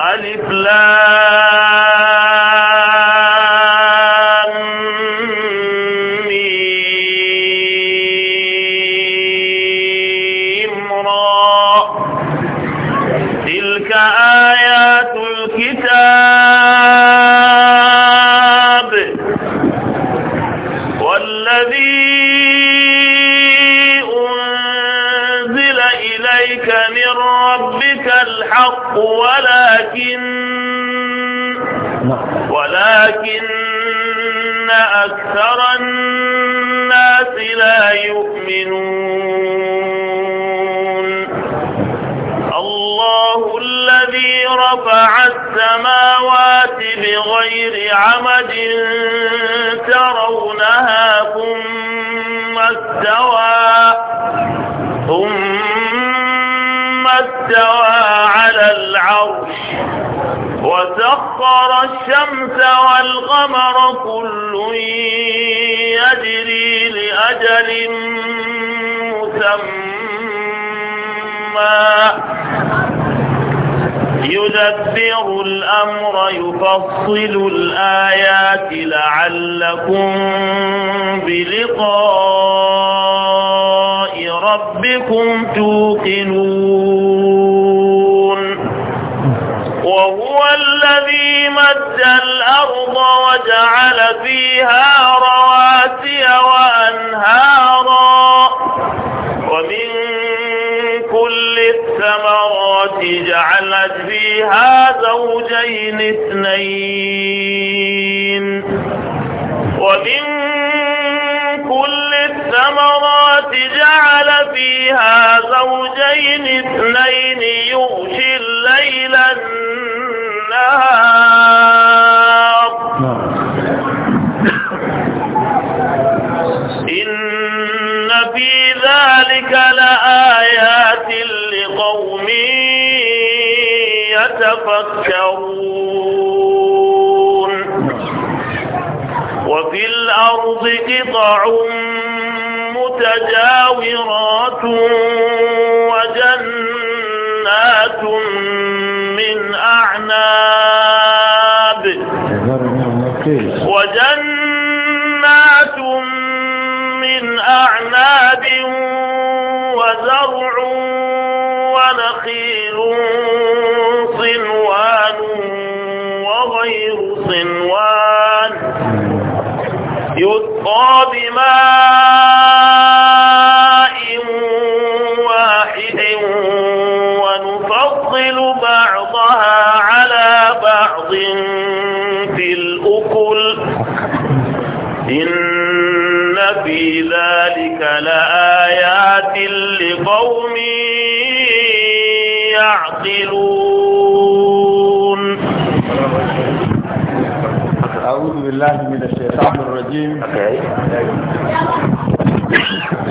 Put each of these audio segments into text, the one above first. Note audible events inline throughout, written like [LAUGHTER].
ألف لام والشمس والقمر كل يجري لأجل مسمى يدبر الأمر يفصل الآيات لعلكم بلقاء ربكم توقنون بين اثنين ومن كل الثمرات جعل فيها زوجين اثنين يغشي الليل النهار إن في ذلك لآيات لقوم يتفكرون بضع متجاورات وجنات من أعناب وجنات بماء واحد ونفضل بعضها على بعض في الأكل إن في ذلك لآيات لقوم يعقلون أعوذ بالله من الشيطان الرجيم okay.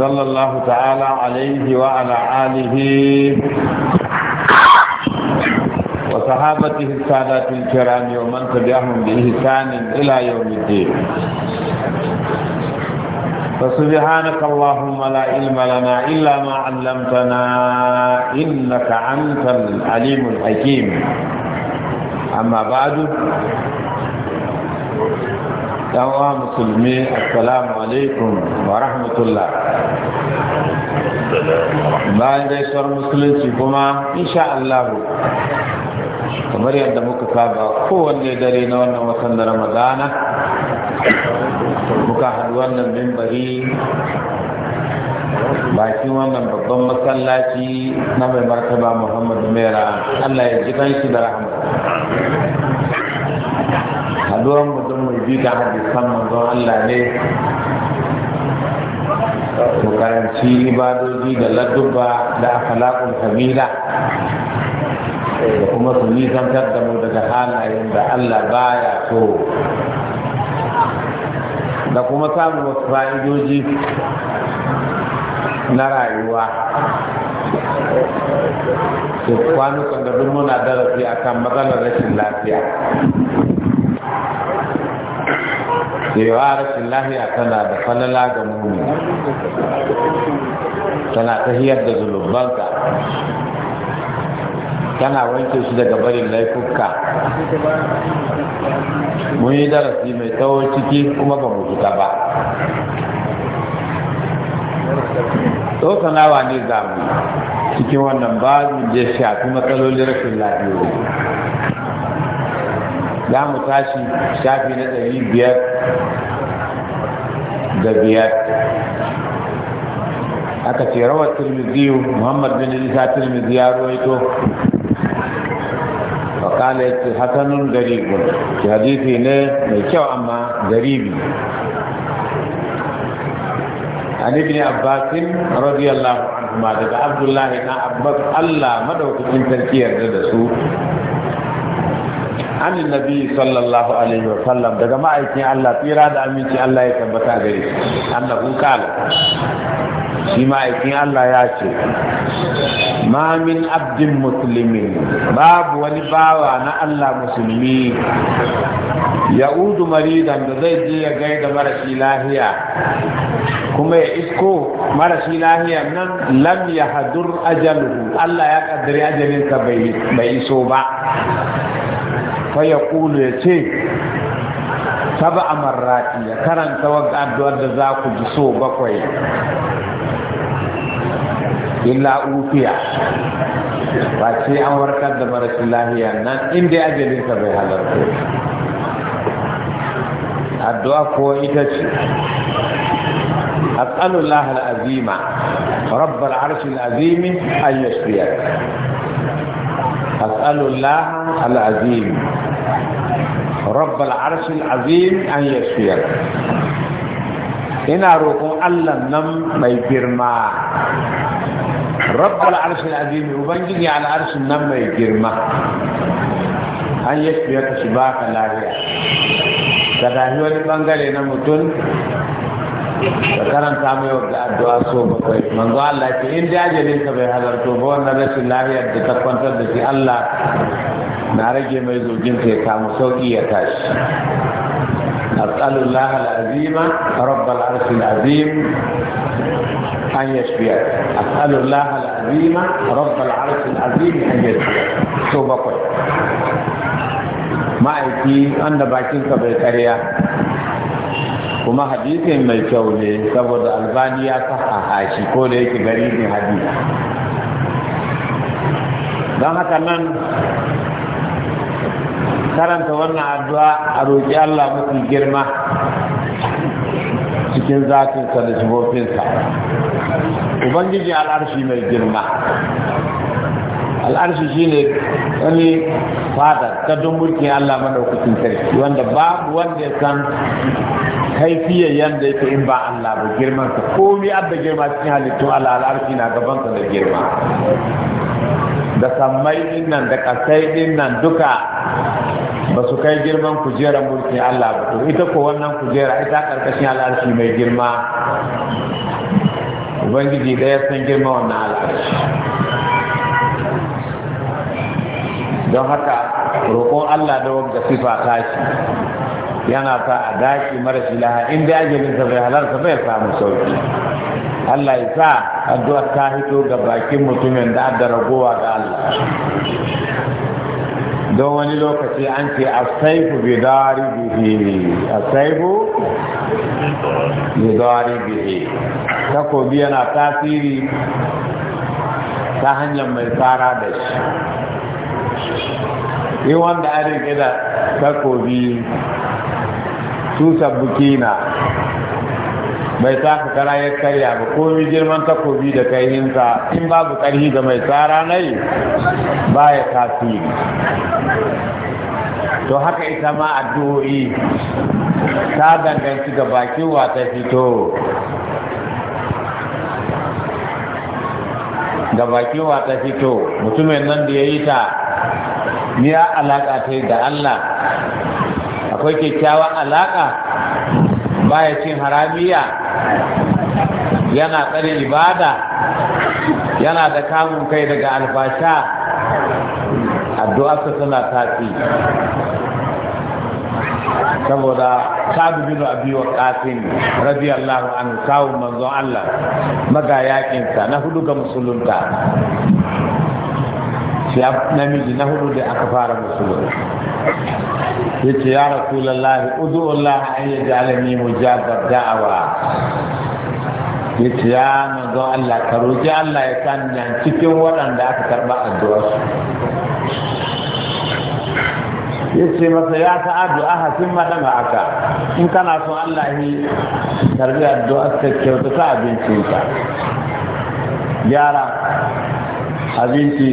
صلى الله تعالى عليه وعلى آله وصحابته السادات الكرام ومن تبعهم بإحسان إلى يوم الدين فسبحانك اللهم لا علم لنا إلا ما علمتنا إنك أنت العليم الحكيم أما بعد يا مسلمين السلام عليكم ورحمة الله bayan gaisuwar musulunci kuma insha Allah kamar yadda muka saba kowanne dare na wannan watan da ramadana muka haɗu wannan mimbari bakin wannan babban masallaci na mai martaba muhammadu mera allah ya ji shi da rahama haduwar mutum mai bi da hadisan manzon allah ne mu karanci ibadoji da ladduba da akhlaqul kamila da kuma su zantar da mu daga halayen da Allah baya so da kuma samun wasu fa'idoji na rayuwa su kwanukan da duk muna darasi akan matsalar rashin lafiya cewa rashin lahiya tana da falala ga muni tana tahiyar da zulubanka tana wanke shi daga barin laifuka mun yi darasi mai tsawon ciki kuma ba mu fita ba nawa ne za mu? cikin wannan ba mu je shafi matsalolin rashin lafiyoyi za mu tashi shafi na ɗari biyar da biyar aka ce rawar turmiziyu muhammad bin isa turmizi ya ruwaito kala ya ce hasanun garibun ke hadisi ne mai kyau amma garibi an ibn abbasin radiyallahu anhu daga abdullahi na abbas allah madaukakin sarki yarda da su an nabi sallallahu alaihi wa sallam daga ma'aikin Allah tsira da aminci Allah ya tabbata gare shi annahu kala shi ma'aikin Allah ya ce ma min abdin muslimin babu wani bawa na Allah musulmi ya'udu maridan da zai je ya gaida marashi kuma ya isko marashi lahiya nan lamya ya hadur ajaluhu Allah ya kaddare ajalinsa bai iso ba fa ya kulu ya ce saba a marrati ya karanta wa addu'ar da za ku ji so bakwai illa ufiya ba ce an warkar da marasin lahiya nan inda ajalinsa bai halarta addu'a ko ita ce as'alullah al'azima rabbal arshil azimi an yashfiyar as'alullah العظيم رب العرش العظيم أن يشفيك ina roƙon Allah nan mai girma rabbal arshil azim ubangiji al arshin nan mai girma an yi fiye ka shi baka lafiya ka dahi wani bangare na mutum ka karanta mai wadda addu'a so bakwai manzo Allah ce in jajirin ka bai halarto ba wannan rashin lafiyar da ta kwantar da shi Allah na rage mai zogin ya kamu sauki ya tashi as'alullah al-azim rabb al-arsh al-azim an yashfiya as'alullah al-azim rabb al-arsh al-azim an yashfiya so bakwai ma'aiki wanda bakin ka bai karya kuma hadisin mai kyau ne saboda albani ya saka hashi, ko da yake gari ne hadisi don haka nan karanta wannan addu'a a roƙi Allah mafi girma cikin zafinsa da shigofinsa ubangiji al'arshi mai girma al'arshi shine wani fada ta don mulkin Allah madaukakin sarki wanda babu wanda ya san kaifiyar yanda yake in ba Allah ba girman sa komai abda girma cikin halittu Allah al'arshi na gaban sa da girma da sammai din nan da kasai din nan duka ba su kai girman kujerar mulkin Allah ba to ita ko wannan kujera ita karkashin al'arshi mai girma ubangiji ɗaya san girma wannan al'arshi don haka roƙon Allah da wanda sifa ta shi yana sa a daki marashi laha in da ajalinsa bai halarta bai samu sauki Allah ya sa addu'ar ta hito ga bakin mutumin da adda ragowa ga Allah don wani lokaci an ce a bi dari bihi a bi dari bihi takobi yana tasiri ta hanyar mai tsara da shi yi wanda an rike da takobi su sabbukina mai taka kara ya karya ba ko komi girman takobi da kaihinsa in babu karhi ga mai tsara nai ba ya tasiri to haka ita ma addu'o'i ta danganci ga bakin wata fito ga bakin wata fito mutumin nan da ya yi ta ya alaƙa ta yi da Allah akwai kyakkyawan alaƙa baya cin haramiya yana tsare ibada yana da kamun kai daga addu'a addu'arsa tana tafi saboda sa'adu bin abi wa qasim radiyallahu anhu kawun manzon Allah maga yakin na hudu ga musulunta sai namiji na hudu da aka fara musulunci ya ce ya rasulallah udu'ullah an yi jalami mujabar da'awa ya ce ya manzon Allah ka roƙi Allah ya sanya cikin waɗanda aka karɓa addu'arsu ya ce masa ya ta addu'a hasin madama aka in kana son Allah yi karbi addu'a ka abincin abincinka gyara abinci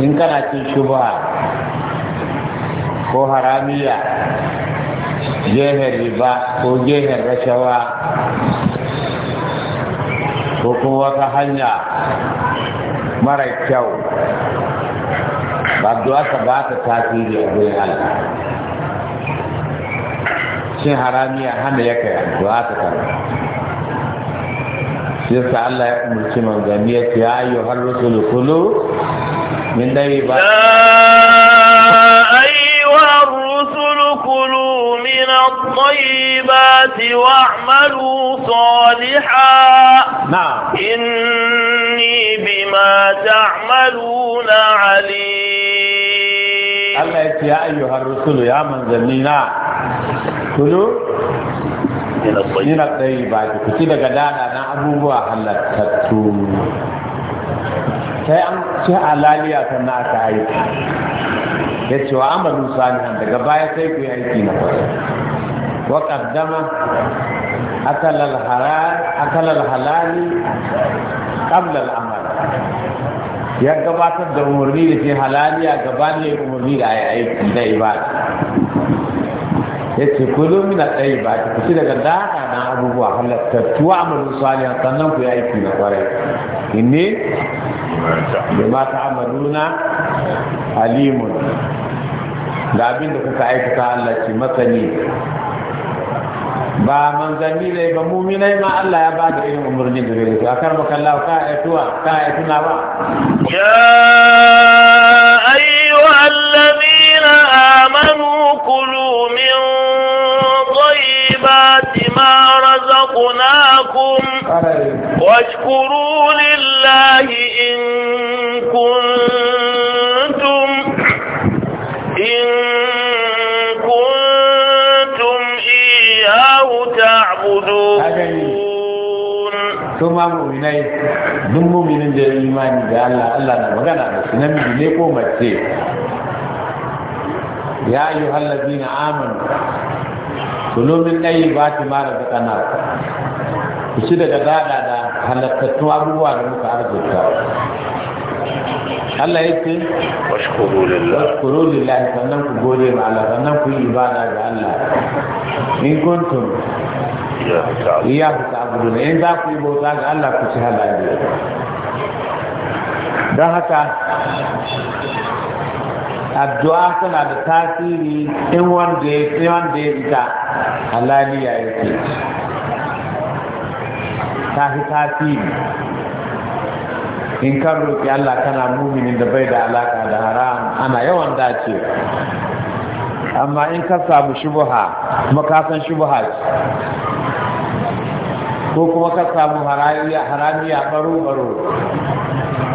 in kana cin shubha ko haramiya jehen riba ko jehen rashawa ko kuma wata hanya mara kyau ba duwa ka ba ta tasiri a gurin Allah cin haramiya hana ya kai addu'a ta kan yasa Allah ya umarci manzanni ya ce ayyuhar rusulu kulu من طيبات يا أيها الرسل كلوا من الطيبات واعملوا صالحا نعم إني بما تعملون عليم الله يا أيها الرسل يا من زمينا كلوا من الطيبات كتير قدانا نعبوا وحلتتوا sai an ci halaliya sannan aka aiki ya ce wa amalu salihan daga baya sai ku yi aiki na kwarai wa qaddama akal al halali qabla al ya gabatar da umarni da ke halaliya gabanin umarni da ya aiki da ibada ya ce kudu mina tsaye ba ku ci daga daga na abubuwa halattattuwa amalu salihan sannan ku yi aiki na kwarai inni bima ta'maluna alimun da abin da kuka aikata Allah ce masani ba manzanni ne ba muminai ma Allah ya bada irin umarni da gare su akar makallahu ka aituwa ka aituna ba ya ayyuhal ladina amanu kulu min طيبات ما رزقناكم واشكروا لله إن كنتم إن كنتم إياه تعبدون to ma mu'minai duk mu'minin da ya imani da Allah Allah na magana da su ne ko mace ya ayyuhallazina amanu kulu min ɗayi ba ta mara da kana ku ci daga dada da halattattun abubuwa da muka arzuta Allah ya ce washkuru lillahi sannan ku gode ma Allah sannan ku yi ibada ga Allah in kuntum iya ku ta'budu in za ku yi bauta ga Allah ku ci halali don haka addu'a tana da tasiri in wanda ya wanda ya ita halaliya yake ta fi tasiri in kan roƙi Allah kana muminin da bai da alaƙa da haram ana yawan dace amma in ka samu shubuha kuma ka san shubuha ko kuma ka samu haramiya baro-baro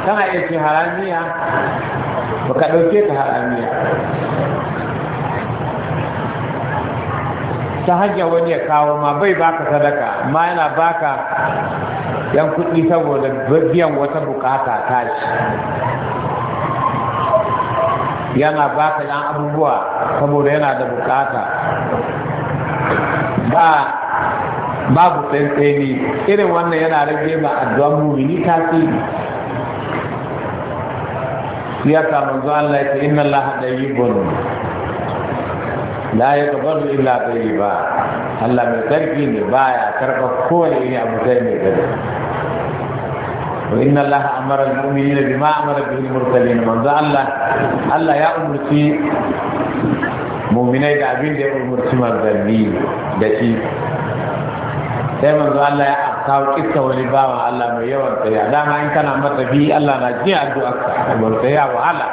kana iya ce haramiya ba ka ɗauke ta haramiya ta hanyar wani ya kawo ma bai baka sadaka ma yana baka yan kuɗi saboda biyan wata bukata ta shi yana baka yan abubuwa saboda yana da bukata ba babu tsantseni irin wannan yana rage ba addu'an mumini fi ya samun zuwa Allah ta inna Allah bon la da illa yi ba. Allah mai tsarki ne ba ya karɓa kowane iri abu sai mai gari وإن الله أمر المؤمنين بما أمر به المرسلين من ذا الله الله يا أمرتي مؤمنين da abin da ya umarci manzanni da shi sai manzo Allah ya kawo kissa wani bawa Allah mai yawan tsaya dama in kana matafi Allah na ji addu'a ka bar tsaya wahala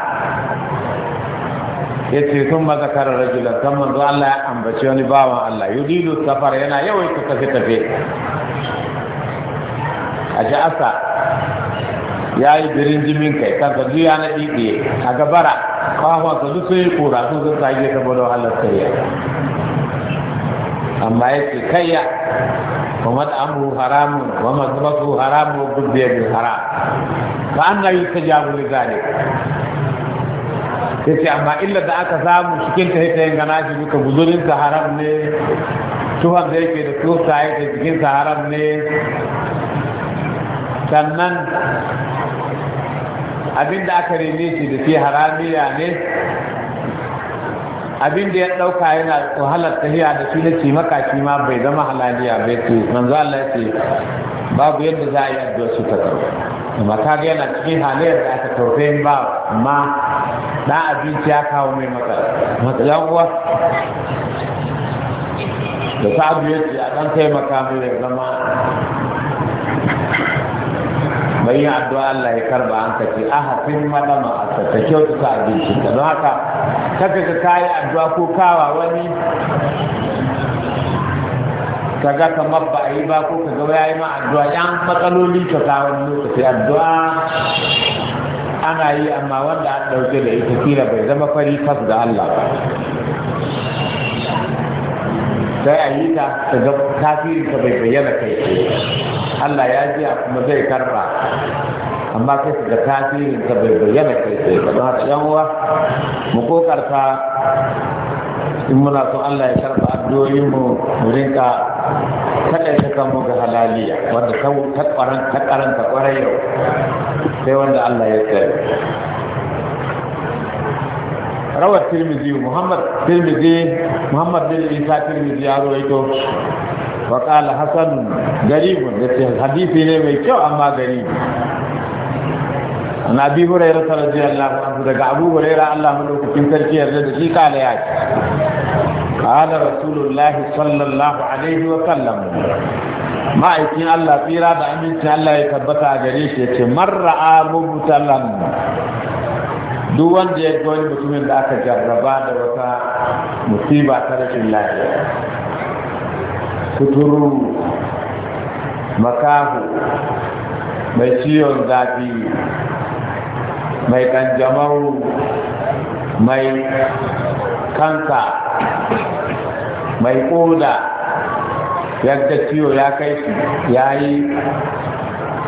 ya ce sun ba zakarar rajula kan manzo Allah ya ambaci wani bawa Allah yudilu safar yana yawaita tafe tafe a ji asa ya yi birin jimin kai kan duk ya na ɗiɗiye a gabara kawo ka duk sun yi kura sun sun sage saboda wahalar tsaya amma ya kai ya. ومطعمه حرام ومذبحه حرام وغذي بالحرام فأنا يستجاب لذلك yace amma illa da aka samu cikin ta yake gana shi duka guzurin ta haram ne tuhar da yake da tusa yake cikin ta haram ne sannan abin da aka rene shi da shi haramiya ne abin da ya ɗauka yana wahalar tafiya da shi na ci makaci ma bai zama halaliya bai ce manzo Allah ce babu yadda za a yi addu'a su ta kawo amma ga yana cikin halayyar da aka tausayin ba ma na abinci ya kawo mai matsala uwa da sa'adu ya a ɗan taimaka mai zama mai yi addu'a Allah ya karba an ka ce a hafin malama a ta ka abinci ka don haka kaka ka kayi addu'a ko kawa wani ga ka ba a yi ba ko kaga ya yi ma addu'a yan matsaloli ka kawo lokaci addu'a ana yi amma wanda an ɗauke da ita kila bai zama fari tas da Allah ba sai a yi ta ta ga ka bai bayyana kai Allah ya jiya kuma zai karba amma kai su da tasirin ta bai bayyana kai sai ka don haka yan uwa mu kokarta in muna son Allah ya karba addu'o'in mu mu rinka kada ta kamo ga halaliya wanda ta ta kwarai yau sai wanda Allah ya tsare rawar tirmizi muhammad tirmizi muhammad bin isa tirmizi ya ruwaito wa qala hasan garibun yace hadisi ne mai kyau amma garibi na bi hurairah radiyallahu anhu daga abu hurairah Allah madaukakin sarki yarda da shi kala ya ce qala rasulullah sallallahu alaihi wa sallam ma'aikin Allah tsira da amincin Allah ya tabbata a gare shi yace marra'a duk wanda ya ga mutumin da aka jarraba da wata musiba ta rashin lafiya suturu makahu mai ciwon zafi mai kanjamau mai kanka mai koda yadda ciwo ya kai shi ya yi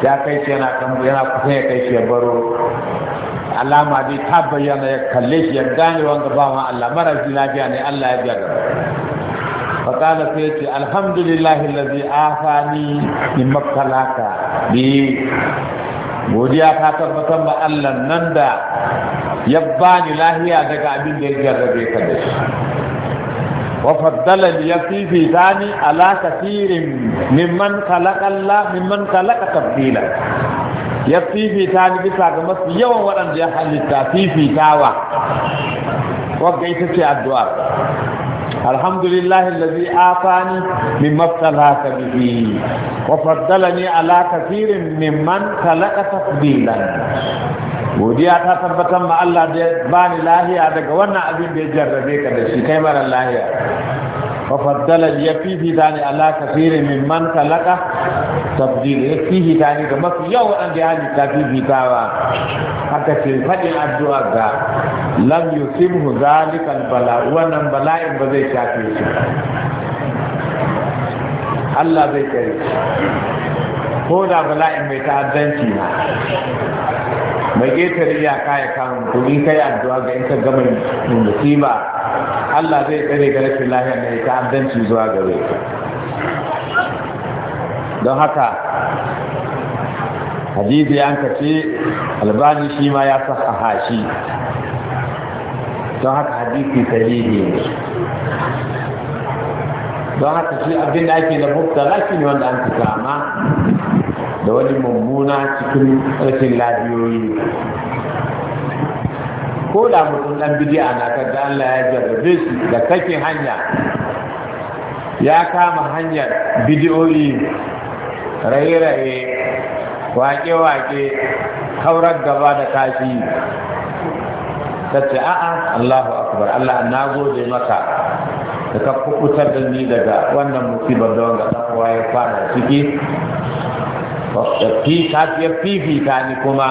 ya kai shi yana kambu yana kusan ya kai shi ya baro alama dai ta bayyana ya kalle shi ya gane wanda ba ma Allah mara lafiya ne Allah ya biya فقال سيتي الحمد لله الذي آفاني من مبتلاك godiya ta tabbatar ba Allah nan da ya bani lahiya daga abin da ya jarrabe ka da shi wa faddala li yafifi tani ala kathirin mimman khalaqa Allah mimman khalaqa tabdila yafifi bisa ga masu yawan waɗanda ya halitta fifitawa wa gaita ce addu'a alhamdulillah allazi afani mimma talaka bihi wa faddalani ala kathirin mimman talaka tafdilan godiya ta tabbatar ma Allah da bani lahiya daga wannan abin da ya jarrabe ka da shi kai mara lahiya وفضل في ثاني على كثير من من خلق في في ثاني كما في يوم أن جهاز في تاوى حتى في فجل الدعاء لم يصيبه ذلك البلاء وانا بلاء بذي شاكيه الله zai kare ko da bala'in mai ta'addanci mai ƙetare ya ya kama kuɗi ka kai addu'a ga in ka gama musiba Allah zai tsare ga rashin lafiya mai ta'addanci addanci zuwa gare ka don haka hadisi ya kace albani shi ma ya a shi don haka hadisi sahihi ne don haka shi abin da ake na mubtala shi ne wanda an fi sama da wani mummuna cikin rashin labiyoyi. ko da mutum dan bidi'a na da Allah ya jarrabe shi da kake hanya ya kama hanyar bidiyoyi raye-raye wake-wake kaurar gaba da kashi ta ce a'a Allahu akbar Allah na gode maka da ka da ni daga wannan musibar da wanda ta uwa ya fara ciki fi fiye fifita ni kuma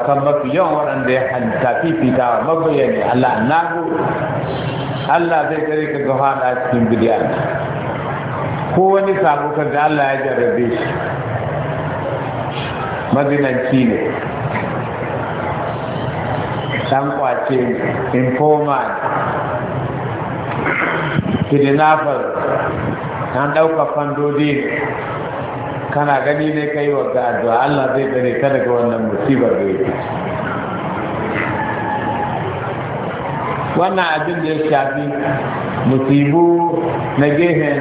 akan mafi yawan waɗanda ya hanta fifita wa mabayani Allah na Allah zai kare ka gafa a cikin bidiya ko wani sabo ka da Allah ya jarrabe shi mazinanci ne dan kwace informa kidnapper an ɗauka fandodi kana gani ne kai wa ga addu'a Allah zai tsare ka daga wannan musibar da yake wannan abin da ya shafi musibu na gehen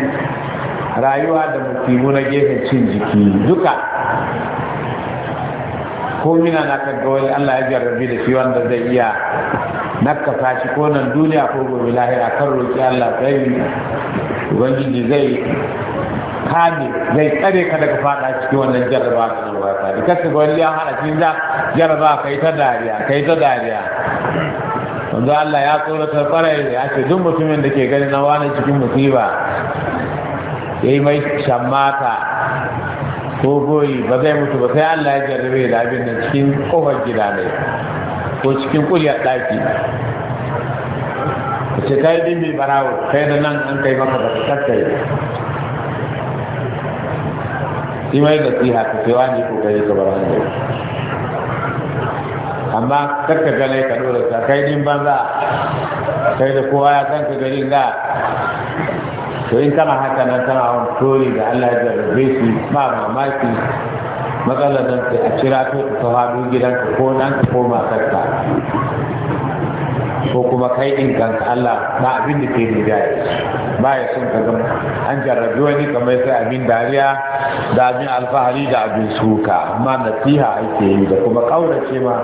rayuwa da musibu na gehen cin jiki duka ko mina na kaga Allah ya jarrabi da shi wanda zai iya nakka shi ko nan duniya ko gobe lahira kan roƙi Allah sai ubangiji zai kame zai tsare ka daga fada cikin wannan jarraba ta zuwa ta da kasu ga wani yan hana cikin jarraba kai ta dariya kai ta dariya wanzu Allah ya tsorata da ya ce duk mutumin da ke ganin na wani cikin musiba ya yi mai shammata ko goyi ba zai mutu ba sai Allah ya jarrabe da abin da cikin kofar gida ne ko cikin kuliyar ɗaki ku ce kai mai barawo kai da nan an kai maka da kakkai shi mai da tsiha ka ce wani ko kai ka bara ne amma kakka gane ka dora ta kai din banza kai da kowa ya san ka garin ga to in kana haka nan kana wani tori da Allah ya ma su ba mamaki Matsala nan sai a kira ta ta faɗo gidanka ko nan ka ko matarka ko kuma kai din kanka Allah ba abin da ke rijaya ba ya son ka gama. an jarrabi wani kamar sai abin dariya da abin alfahari da abin suka amma nasiha ake yi da kuma kaurace ma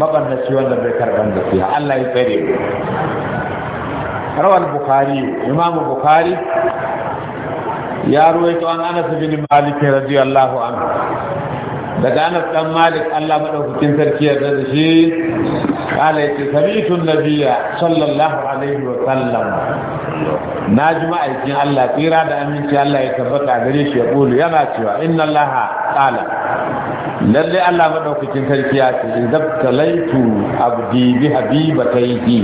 mabannaci wanda bai karban nasiha Allah ya tsare rawal bukhari imam bukhari ya ruwaito an anas bin malik radiyallahu anhu daga anas dan malik Allah madaukakin sarki ya da shi kala yace sami'tu nabiyya sallallahu alaihi wa sallam na ji ma'aikin Allah tsira da aminci Allah ya tabbata gare shi ya bulu yana cewa inna Allah qala lalle Allah madaukakin sarki ya ce zabtalaitu abdi bi habibatayhi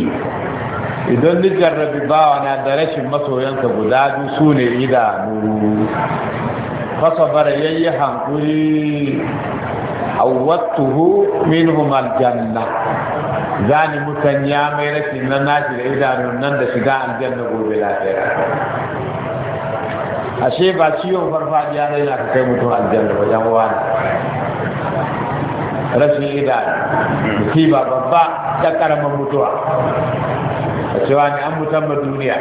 idan ni jarrabi bawa na da rashin masoyansa guda biyu su ne idanu fasabara yayi hankuri awwattuhu minhum aljanna zani mutan ya mai rashin na nashi da idanun nan da shiga aljanna gobe lafiya ashe ba ciwon farfadiya ne yana kai mutum aljanna wajen wani rashin idanu ba babba ta karamin mutuwa a cewa ne an mutan duniya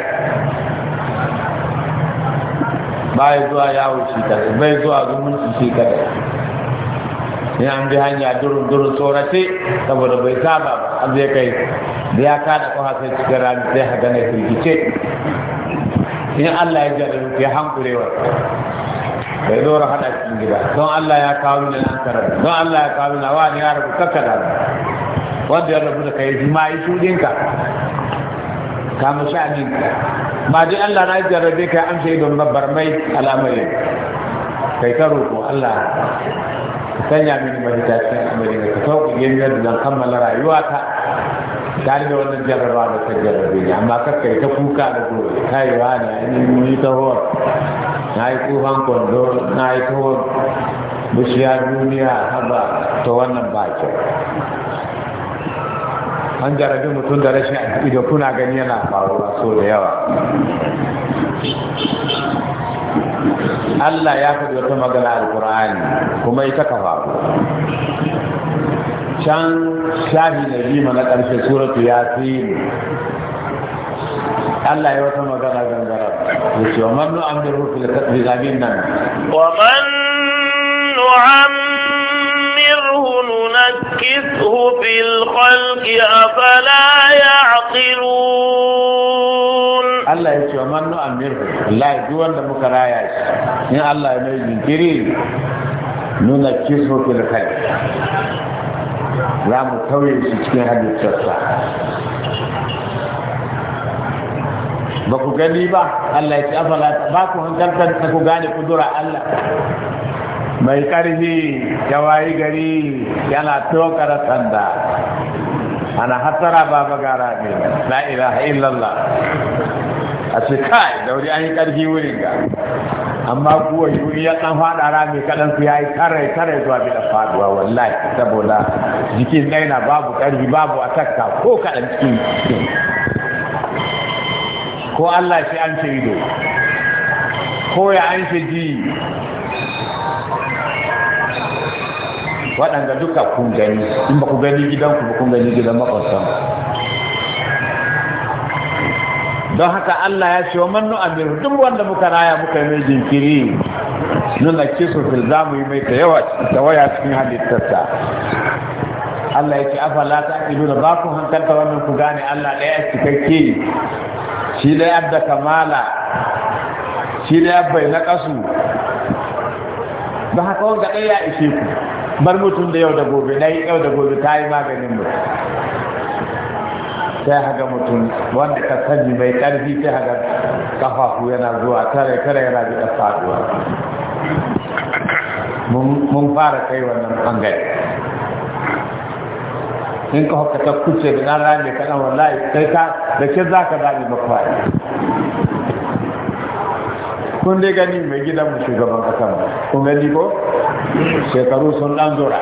bai zuwa yawo shi kadai bai zuwa zumunci shi kadai ya an bi hanya durun durun tsorace saboda bai saba ba an zai kai da ya kada kwa sai cikin rani zai haga na firgice in Allah ya jarabi ke hankurewa bai dora hada cikin gida don Allah ya kawo ni nan karar don Allah ya kawo ni wani ya rabu kakkada wanda ya rabu da kai shi ma yi shudinka kamar mu sha'aninka ba dai Allah na jarrabe kai amsa idon babbar mai al'amari kai ka roƙo Allah ka sanya mini mafita cikin ka sauƙi da zan kammala rayuwata tare da wannan jarraba da ta jarrabe ni amma kai ta kuka da gobe kaiwa na yi muni ta hor na yi tsohon kwando na yi tsohon duniya haba ta wannan bakin an jarabi mutum da rashin arziki da kuna gani yana faruwa so da yawa Allah ya faɗi wata magana alkur'ani kuma ita ka faru can shahi na bima na ƙarshe suratu yasin Allah ya wata magana gangara yace wa man nu'amiru fil kadhibi nan wa man nu'am ننكسه في الخلق أفلا يعقلون الله يسوى من نؤمره الله يدوان لمك رايات إن الله يميزن كريم ننكسه في الخلق رام التوي سكين حديث سرسا ba ku gani ba Allah ya ce afala ba ku hankalta ku gane kudura Allah mai karfi ya wayi gari yana tokara sanda ana hatsara ba gara ne la ilaha illallah a ce kai da wuri an yi ƙarfi wurin ga amma kuwa yuri ya ɗan fada rami kadan su ya yi tarai tarai zuwa bi da faɗuwa wallahi saboda jikin dai na babu ƙarfi babu a takka ko kaɗan cikin ko Allah shi an ce ido ko ya an ce ji waɗanda duka kun gani in ba ku gani gidanku ba kun gani gidan makwasan don haka Allah ya ce wa mannu amir duk wanda muka raya muka yi mai jinkiri nuna kisu fil zamu yi mai ta yawa ta waya cikin halittarsa Allah ya ce afala ta nuna da baku hankalta wannan ku gane Allah ɗaya cikakke shi ɗaya da kamala shi ɗaya bai na ƙasu don haka wanda ɗaya ya ishe ku bar mutum da yau da gobe na yau da gobe ta yi maganin mu sai haga mutum wanda ka sani mai ƙarfi sai haga kafafu yana zuwa tare kare yana bi da faduwa mun fara kai wannan bangare in ka hukata kuce da nan rami kanan wallahi sai ka da ke za ka zaɓi makwai kun dai gani mai gidan mu shugaban kasa kun gani ko shekaru sun dan zura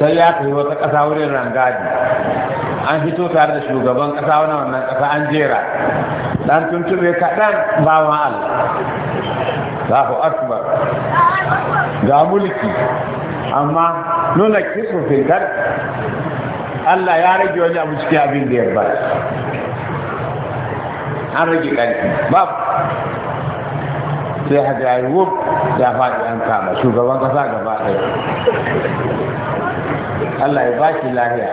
sai ya kai wata kasa wurin rangadi an fito tare da shugaban kasa wani wannan kasa an jera dan tuntube kaɗan bawan Allah Allahu akbar ga mulki amma nuna kisu filgar Allah ya rage wani abu cikin abin da ya ba an rage ƙarfi babu sai haka ya yi wuf ya faɗi an kama shugaban kasa gaba ɗaya Allah ya bashi lahiya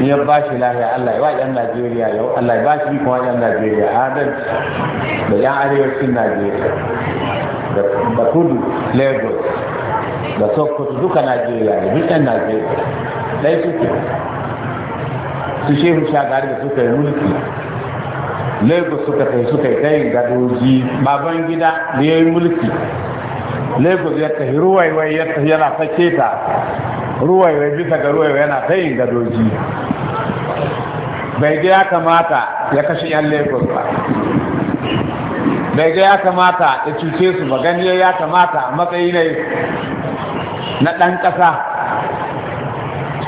ya bashi lahiya Allah ya wajen Najeriya yau Allah ya bashi kuma wajen Najeriya adalci da yan arewacin Najeriya da kudu Lagos da Sokoto duka Najeriya da duk yan Najeriya ɗaya suke su shehu shagari da suka yi mulki lebe suka kai suka yi tayin gadoji baban gida da ya yi mulki lagos ya tafi ruwaiwai ya tafi yana sake ta ruwaiwai bisa ga ruwaiwai yana tayin gadoji bai ga ya kamata ya kashe yan lagos ba bai ga ya kamata ya cuce su ba gani ya kamata a matsayi na ɗan ƙasa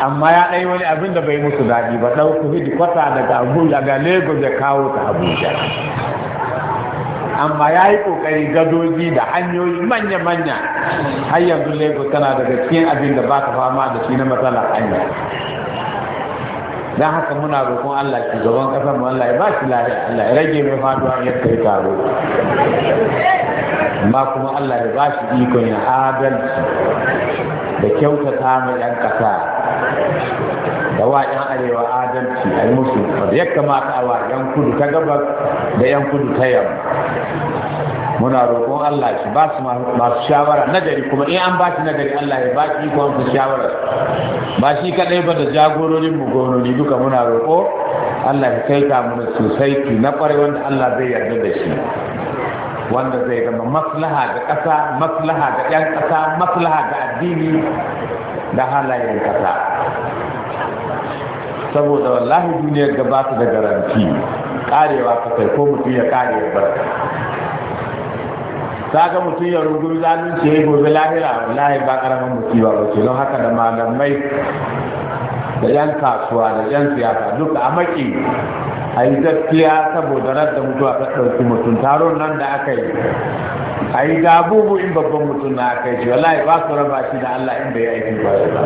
amma ya ɗai wani abin da bai musu daɗi ba ɗauku hidi kwata daga abuja ga lagos ya kawo ta abuja amma ya yi ƙoƙari gadoji da hanyoyi manya-manya har yanzu lagos tana daga cikin abin da ba ka fama da shi na matsalar hanya don haka muna roƙon Allah shugaban ƙasar mu Allah ya ba shi lafiya Allah ya rage mai faduwa ya taro amma kuma Allah ya ba shi ikon ya adalci da kyautata mai 'yan ƙasa da wa yan arewa adalci a yi musu ya kamata a wa yan kudu ta gabas da yan kudu ta yamma muna roƙon Allah shi ba su masu shawara nagari kuma in an ba shi nagari Allah ya ba shi kuma su shawara ba shi kaɗai ba da jagororin mu gononi duka muna roƙo Allah ya kai ta mu sosai ki na ƙwarai wanda Allah zai yarda da shi wanda zai zama maslaha ga ƙasa maslaha ga ƴan ƙasa maslaha ga addini da halayen kasa saboda wallahi duniyar ba ta da garanti karewa ta kai ko mutum ya kare ya bar ga mutum ya rungumi zalunci ya yi gobe lahira wallahi ba karamin musiba ba ce don haka da malamai da yan kasuwa da yan siyasa duka a maki a yi gaskiya saboda radda mutuwa ta ɗauki mutum taron nan da aka yi ai ga abubu in babban mutum na kai shi wallahi ba su raba shi da Allah in bai aiki ba shi ba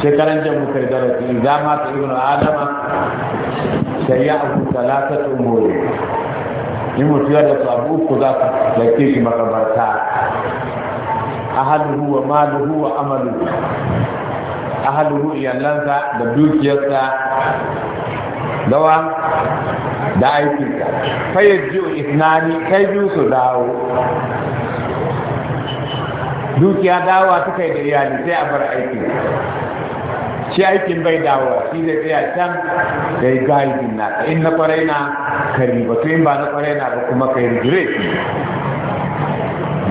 shekaran jan muka da in za ma ta ibnu adama sai ya abu talata umuri in mutu ya su abu uku za su shi makabarta ahaluhu wa maluhu wa amaluhu ahaluhu lanza da dukiyarsa dawa da aiki fayyar jiyo isnani kai biyu su dawo dukiya dawa ta kai da iyali sai a bar aiki shi aikin bai dawo shi zai tsaya can da ya aikin na in na kwarai na kari ba in ba na kwarai na ba kuma kai rigire shi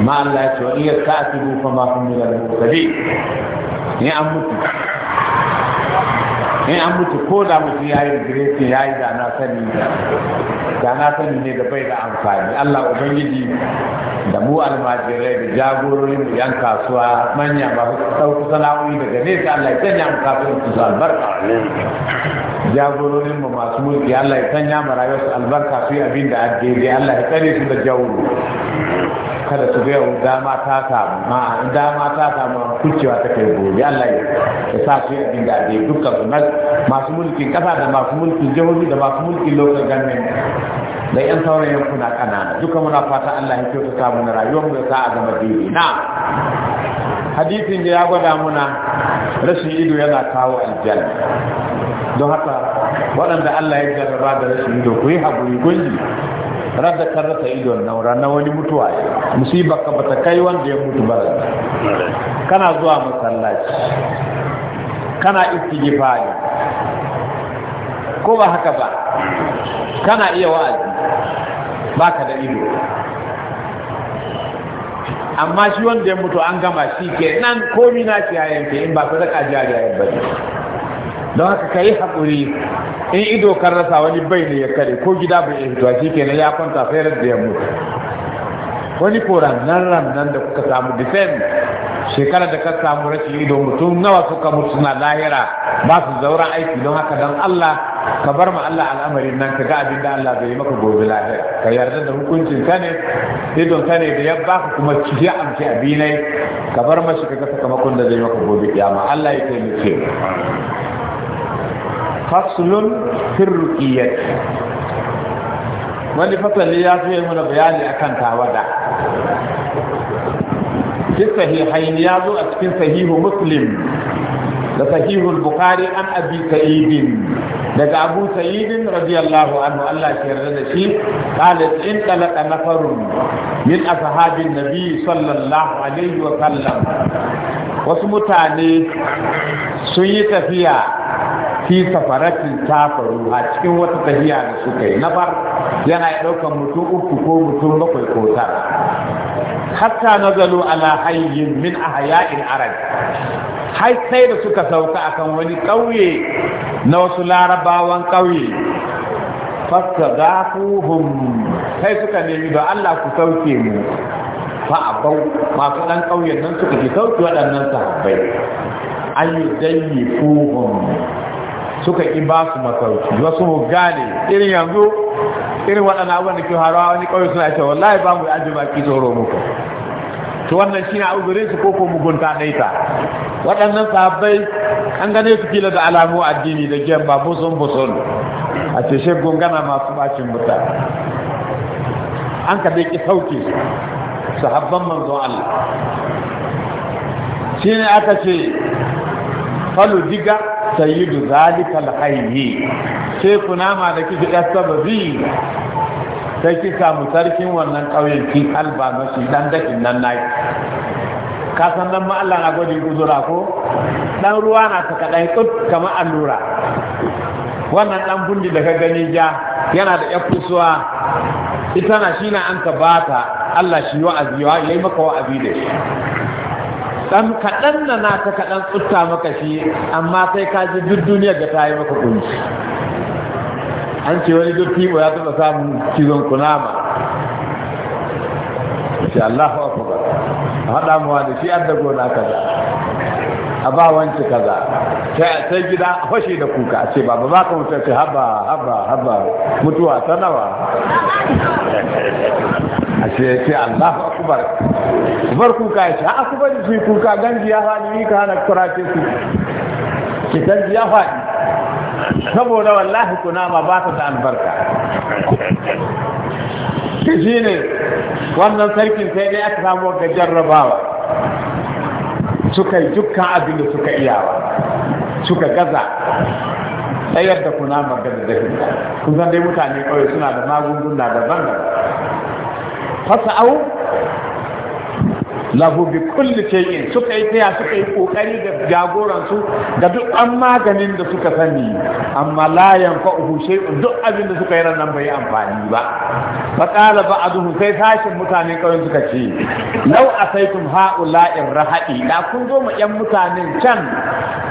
ma Allah ya ce wa iya ka asibu fa ma kun yi da ne an mutu in an mutu ko da mutum ya yi regretin ya yi dana sani dana sani ne da bai da amfani allah ubangiji da mu almajirai da jagororin yan kasuwa manya masu sauku sana'o'i daga nesa allah ya sanya mu kasuwanci su albarka jagororin mu masu mulki Allah ya sanya mu su albarka su yi abin da addini Allah ya tsare su da jawuru kada su ga yau dama ta kama dama ta kama kucewa ta kai gobe Allah ya sa su yi abin da addini dukkan su masu mulkin kasa da masu mulkin jihohi da masu mulkin local government da yan sauran yankuna kanana duka muna fata Allah ya kyauta mana rayuwar mu ya sa a zama daidai na hadisin da ya gwada muna rashin ido yana kawo aljanna don haka waɗanda Allah ya jarraba da rashin ido ku yi haƙuri gwaji rada kan rasa na naura na wani mutuwa ya musiba ka bata kai wanda ya mutu ba kana zuwa masallaci kana istighfari ko ba haka ba kana iya wa'azi baka da ido amma shi wanda ya mutu an gama shi ke nan komi na ciyayen ke in ba ka zaka jariya ya bari don haka ka yi haƙuri in ido kan rasa wani bai ne ya kare ko gida bai iya fitowa shi kenan ya kwanta sai da ya mutu wani ko rannan rannan da kuka samu defend shekara da ka samu rashin ido mutum nawa suka mutu suna lahira ba su zauren aiki don haka don Allah ka bar ma Allah al'amarin nan ka ga abin da Allah bai maka gobe lahira ka yarda da hukuncin ka ne idon ka ne da ya ba ku kuma ki ya amshi abinai ka bar mashi ka ga sakamakon da zai maka gobe kiyama Allah ya taimake فصل في الرقية ولي فصل اللي يأتي من بيان أكان تاودا في صحيحين يأتي أتكين صحيح مسلم لصحيح البخاري عن أبي سعيد لك أبو سعيد رضي الله عنه الله كرد الشيء قال إن تلك نفر من أصحاب النبي صلى الله عليه وسلم wasu mutane sun yi tafiya fi safaratin faru a cikin wata tafiya da suka yi na far yana ɗaukan mutum uku ko mutum bakwai ko tara hatta nazalu ala hayyin min ahya'il arab har sai da suka sauka akan wani ƙauye na wasu larabawan ƙauye fasta za sai suka nemi da Allah ku sauke mu fa abau masu ɗan ƙauyen nan suka ke sauke waɗannan sahabbai an yi dayi fuhun suka ki ba su masauki wasu gane irin yanzu irin waɗannan abubuwan da ke harawa wani ƙauye suna cewa wallahi ba mu yi ajiyar baki tsoro muku to wannan shine a uzurin su koko mugunta ɗai ta waɗannan sahabbai an gane su kila da alamu addini da giyan ba buson buson a ce shi gungana masu bacin mutane an ka dai ki sauke sahabban manzon Allah shine aka ce Kalu diga Sayidu zalikal hayyi sai kunama da kiji sababi sai ki samu sarkin wannan kauyen kin alba mashi dan dakin nan nai ka san nan ma Allah na gode uzura ko dan ruwa na ta kadai tut kamar allura wannan dan bundi da ka gani ja yana da yakusuwa ita na shi na an ka bata Allah shi wa'azi wa yayi maka wa'azi da shi dan kaɗan na naka kaɗan tsutta maka shi amma sai ka ji duk duniyar da ta yi maka kunci an ce wani duk fibo ya taɓa samun cizon kunama shi Allah akbar a haɗa mu wani shi an da gona kaza a ba wanci kaza sai gida a fashe da kuka a ce baba ba ka mutu ce haba haba haba mutuwa ta nawa a ce ya ce allah akubar bar kuka ya ce a akubar su kuka ganji ya faɗi ni ka hana kurace su ki ganji ya faɗi saboda wallahi kunama ba ta da albarka shi ne wannan sarkin sai dai aka samu ga jarrabawa suka yi dukkan abin da suka iyawa suka gaza tsayar da kunama ga da kun san dai mutane kawai suna da magunguna daban-daban fasa'au lahu bi kulli shay'in suka yi taya suka yi kokari da jagoran su da duk an maganin da suka sani amma la yanfa'uhu shay'un duk abin da suka yi nan bai amfani ba fa qala ba'duhu sai sashin mutanen kawai suka ce law asaitum ha'ula'ir rahadi da kun zo mu yan mutanen can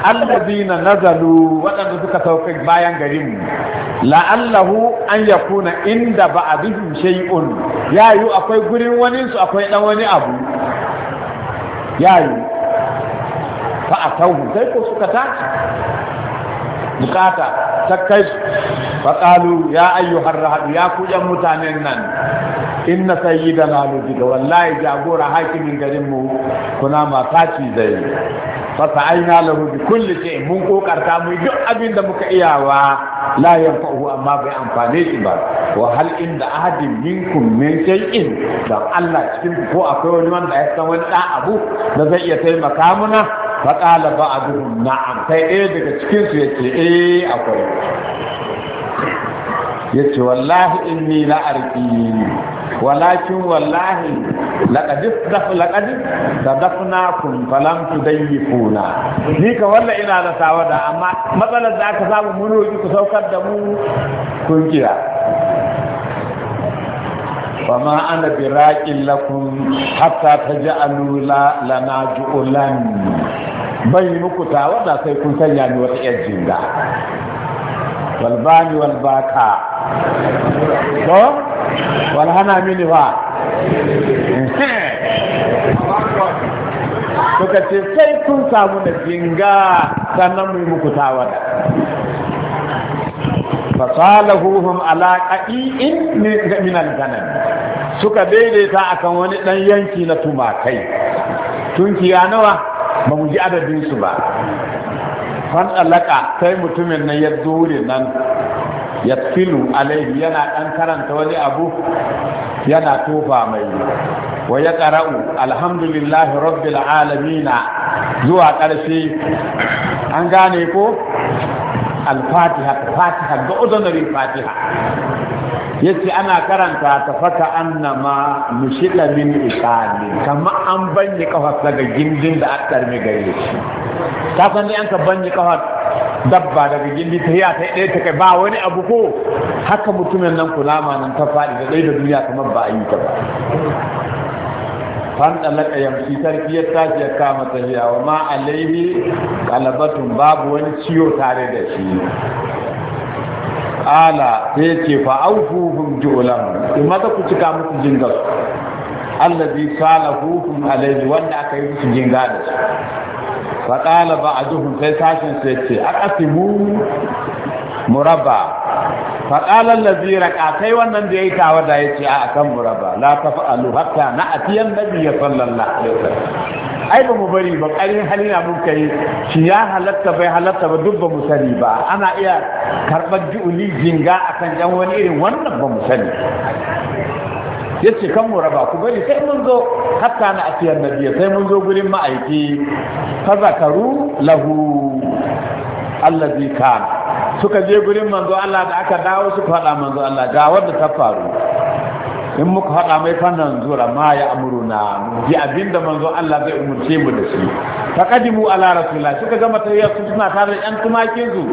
alladina nazalu waɗanda suka sauka bayan garin mu la'allahu an yakuna inda ba'dihim shay'un yayu akwai gurin wani su akwai dan wani abu yayi fa a tauhu sai ko suka tashi bukata ta kai faƙalu ya ayyuhar rahadu ya kujan mutanen nan inna sayyidana da wallahi jagora hakimin mu kuna kaci zai fasa aina lahu bi kulli shay mun kokarta mu duk abin da muka iyawa la yanfa'uhu amma bai amfane shi ba wa hal inda ahadin minkum min shay'in dan Allah cikin ko akwai wani wanda ya san wani da abu da zai iya taimaka muna fa qala ba'duhum na'am sai daga cikin su yace eh akwai ce wallahi inni la arqi walakin wallahi laqad daf laqad dadafnakum falam tudayyifuna ni ka walla ina da tawada amma matsalar da aka samu mun roki ku saukar da mu kun kira فما أنا ta ji حتى تجعلوا لنا ban yi muku tawada sai kun sanya ni wata yar jinga walbani walbaka to wala hana mini to [LAUGHS] ka ce sai kun samu da jinga sannan mu yi muku tawada fasalahu ala qa'i'in min al-ghanam suka daidaita akan wani dan yanki na tumakai tunkiya nawa ba mu ji adadin su ba fan alaka sai mutumin nan ya dure nan yatfilu alaihi yana dan karanta wani abu yana tofa mai wa ya qara'u alhamdulillahi rabbil alamin zuwa karshe an gane ko al-fatiha fatiha ga ordinary fatiha yace ana karanta ta faka annama mushila min isani kamar an banye kafa daga gindin da aka tarmi gare shi ta san an ka banye kafa dabba daga gindi ta yata ɗaya ta kai ba wani abu ko haka mutumin nan kulama nan ta faɗi da ɗaya da duniya kamar ba a yi ta ba fan dalaka yamshi sarki ya tashi ya kama tafiya wa ma alaihi galabatun babu wani ciwo tare da shi ala ta yi ce fa ji ulan in mata ku cika musu jingar allazi salahuhum alaihi wanda aka yi musu jinga da faƙala ba a duhun sai sashen sai ce a ƙasimu murabba faƙalar lazira kai wannan da ya yi tawa da ya ce a kan murabba la ta fa'alu hatta na atiyan nabi ya sallallahu alaihi wasallam ai ba mu bari ba ƙarin hali na muka shi ya halatta bai halatta ba duk ba mu sani ba ana iya karɓar ju'uli jinga akan yan wani irin wannan ba mu sani ya ce kan mura raba ku bari sai mun zo hatta na asiyar biya sai mun zo gurin ma'aiki fa zakaru lahu zai ka suka je gurin manzo Allah da aka dawo su faɗa manzo Allah ga wanda ta faru in muka haɗa mai fannin zura ma ya amuruna ji abinda manzo Allah zai umurce mu da shi faqadimu ala rasulullah suka gama ta su suna tare da yan tumakinsu.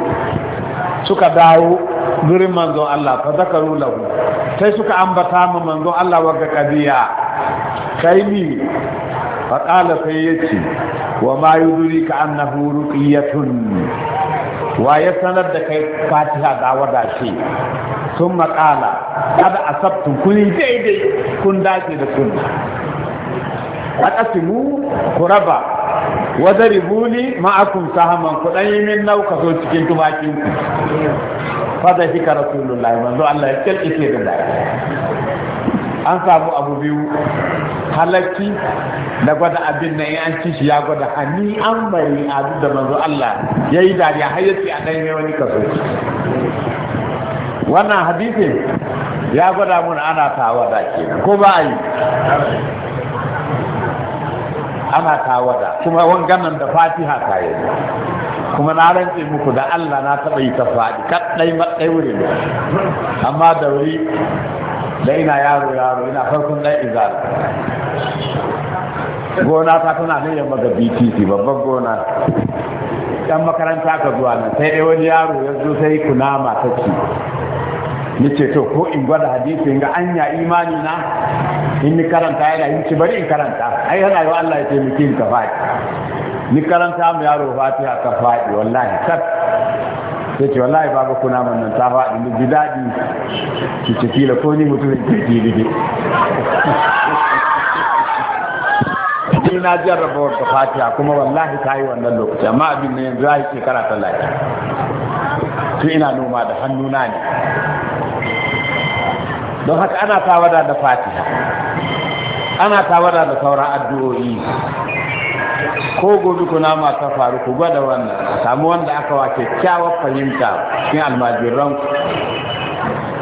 su suka dawo gurin manzo Allah fa zakaru lahu sai suka ambata ma manzon Allah wagga kabiya kai mi fa qala sai yace wa ma ka annahu ruqiyatun wa ya sanar da kai fatiha da wada shi sun qala kada asabtu kun daidai kun dace da kun aqasimu quraba wa ma'akum sahaman ku dan yi min nauka zo cikin tumakin fadahika rasulullahi manzo Allah ya ke da dariya an samu abu biyu halarci na gwada abin na in an ci shi ya gwada hani an bari a duk da manzo Allah ya yi dariya har yace a ɗaya wani kaso wannan hadisin ya gwada mun ana tawada kenan ko ba a yi ana tawada kuma wanganan da fatiha ta yi kuma na rantse muku da Allah na taɓa yi ta faɗi kaɗai matsayi wurin amma da wuri da ina yaro yaro ina farkon ɗan iza gona ta tana ne yamma ga btc babban gona ɗan makaranta ka zuwa nan sai dai wani yaro ya zo sai kunama ta ci. ni ce to ko in gwada hadisi ga anya imani na in ni karanta yana yin ci bari in karanta ai yana yi wa Allah ya taimake ka faɗi ni karanta mu yaro fatiha ka faɗi wallahi kat sai ce wallahi babu kuna man nan ta faɗi ni ji daɗi ki kila ko ni mutumin kirki ne ni na jarraba da fatiha kuma wallahi ta yi wannan lokaci amma abin ne yanzu ai ke shekara ta lafiya tun ina noma da hannuna ne don haka ana tawada da fatiha ana tawada da sauran addu'o'i ko gobe ko nama ta faru ku gwada wannan a samu wanda aka wa kyakkyawar fahimta cikin almajiran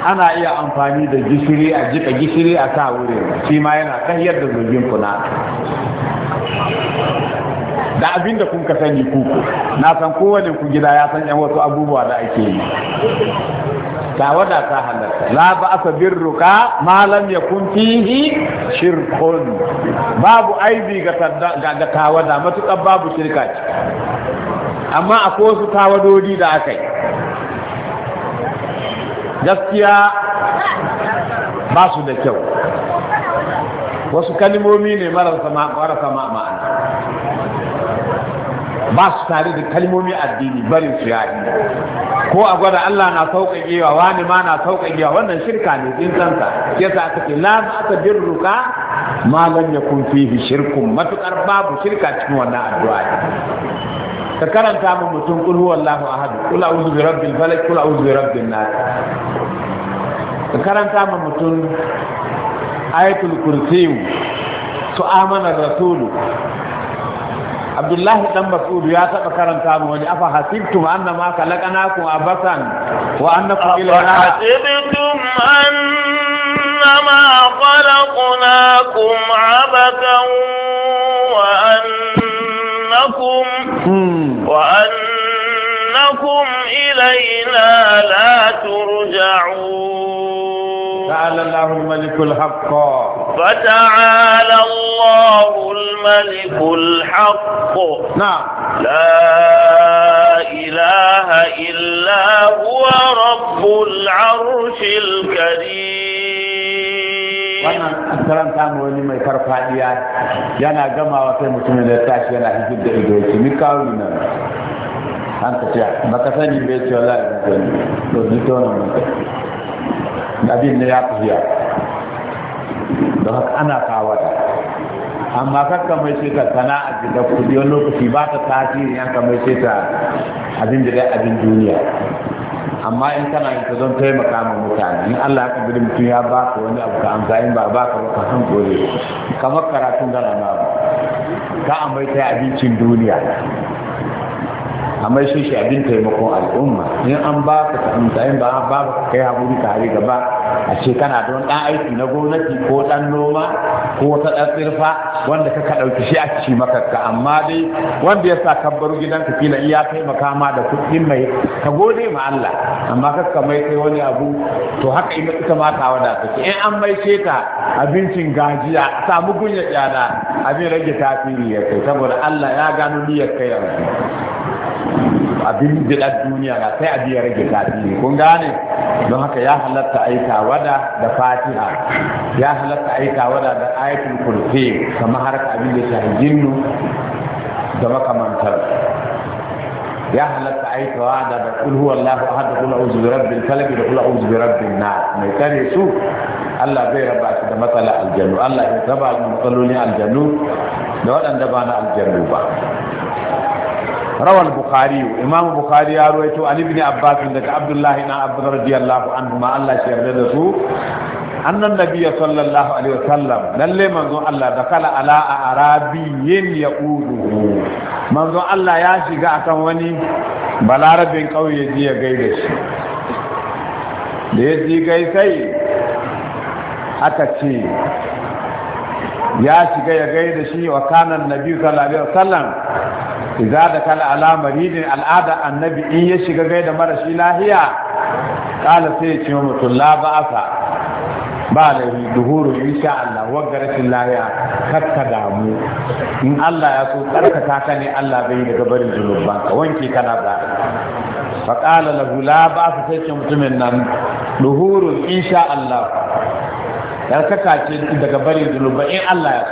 ana iya amfani da gishiri a jika gishiri a sa wuri shi ma yana kan yadda zurgin kuna da abin da kun ka sani kuku na san kowane ku gida ya san yan wasu abubuwa da ake yi tawada ta halarta la ba aka birruka malam ya yakun fihi shirkun babu aibi ga tawada matuƙar babu shirka amma akwai wasu tawadodi da aka gaskiya ba su da kyau wasu kalmomi ne marasa ma'ana ba su tare da kalmomi addini barin su yayi ko a gwada Allah na sauƙaƙewa wani ma na sauƙaƙewa wannan shirka ne din santa yasa aka ce la aka birruka ma lam yakun fihi shirkun matukar babu shirka cikin wannan addu'a ka karanta mu mutum kul huwallahu ahad kul a'udhu bi rabbil falaq kul a'udhu bi rabbin nas ka karanta mu mutum ayatul kursiyu su amana rasulu abdullahi dan mas'ud ya taba karanta mu wani afa hasibtum annama khalaqnakum abasan wa annakum ilayna hasibtum annama khalaqnakum abasan wa annakum hmm. wa annakum ilayna la turja'un فتعالى الله الملك الحق فتعالى الله الملك الحق نعم لا إله إلا هو رب العرش الكريم وانا السلام تعالى وانما يكرف عليا يانا جمع وفي مسلمين التاش يانا هجد دعوه مكاونا نعم. أنت يا ما تفهمي بيت ولا لو جيتونا abin ne ya tafiya don haka ana kawata amma kakka mai ce ta sana'a a gida kudi wani lokaci ba ta tasiri yanka mai sai ta abin da dai abin duniya amma in kana yin ta don taimaka ma mutane in Allah ya gudun mutum ya baka wani abu ka amsa in ba baka ba ka san kore kamar karatun da na ka amai ta abincin duniya a mai shi shi abin taimakon al'umma in an ba ka fahimta in ba ba ka kai haƙuri ka hari gaba a ce kana don ɗan aiki na gwamnati ko ɗan noma ko wata ɗan tsirfa wanda ka ka ɗauki shi a ci maka ka amma dai wanda ya sa ka bar ka kila iya taimaka ma da kuɗin mai ka gode ma Allah amma ka ka mai kai wani abu to haka ina ita ma ta wada ce. in an mai ka abincin gajiya samu gunya tsada abin rage tasiri ya kai saboda Allah ya gano niyyar kai yanzu abin da duniya ga sai abiya rage ne kun gane don haka ya halatta aika wada da fatiha ya halatta aika wada da ayatul kursi kamar harka abin da shahi jinnu da makamantar ya halatta aika wada da kul allah ahad da kul a'udhu bi rabbil falaq da kul a'udhu bi rabbin nas mai kare su Allah zai raba shi da matsala aljanu Allah ya raba matsalolin aljanu da waɗanda ba na aljanu ba rawal bukhari imam bukhari ya ruwaito an ibn abbas daga abdullahi na abbas radiyallahu anhu ma Allah shi yarda da su annan nabiyya sallallahu alaihi wasallam lalle manzon Allah da kala ala arabiyyin yaqudu manzon Allah ya shiga akan wani balarabin ƙauye ji ya gaida shi da ya ji gaisai aka ce ya shiga ya gaida shi wa kanan nabi sallallahu alaihi wasallam iza da kala alamari maridin al'ada annabi in ya shiga gaida marashi lahiya kala sai ya ce mutum la aka ba da duhuru insha Allah wagga rashin lahiya kakka damu in Allah ya so karkata ka ne Allah bai daga gabarin zunuban ka wanke kana ba fa kala lahu la ba'asa sai ce mutumin nan duhuru insha Allah ya kaka ce daga barin zunuba in Allah ya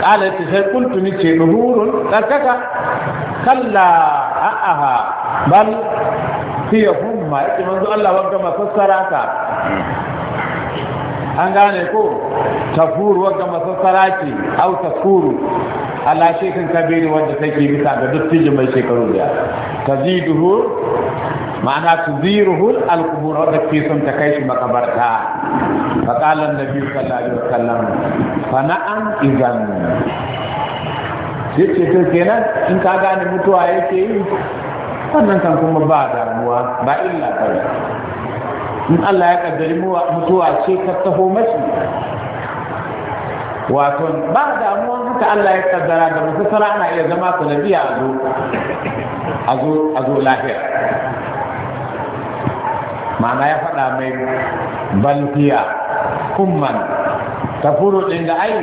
kala ta sai kuntu ni ce nuhurun kaka. kalla a'aha bal fiye humma yake manzo Allah wanda ma fassara ka an gane ko tafuru wanda ma fassara ce au tafuru Allah shekin kabiri wanda take bisa ga duk tijin mai shekaru biyar. da taziduhu ma'ana tuziruhu al-qubur wadda ke son ta kai shi makabarta fa qala annabi sallallahu alaihi wasallam fa kenan in ka gane mutuwa yake yi wannan kan kuma ba damuwa ba illa kai in Allah ya kaddari mutuwa ce ka taho mashi wato ba damuwa haka Allah ya kaddara da mutu ana iya zama sanadiya a zo a zo lafiya ma'ana ya faɗa mai balfiya kumman tafuru ɗin da ai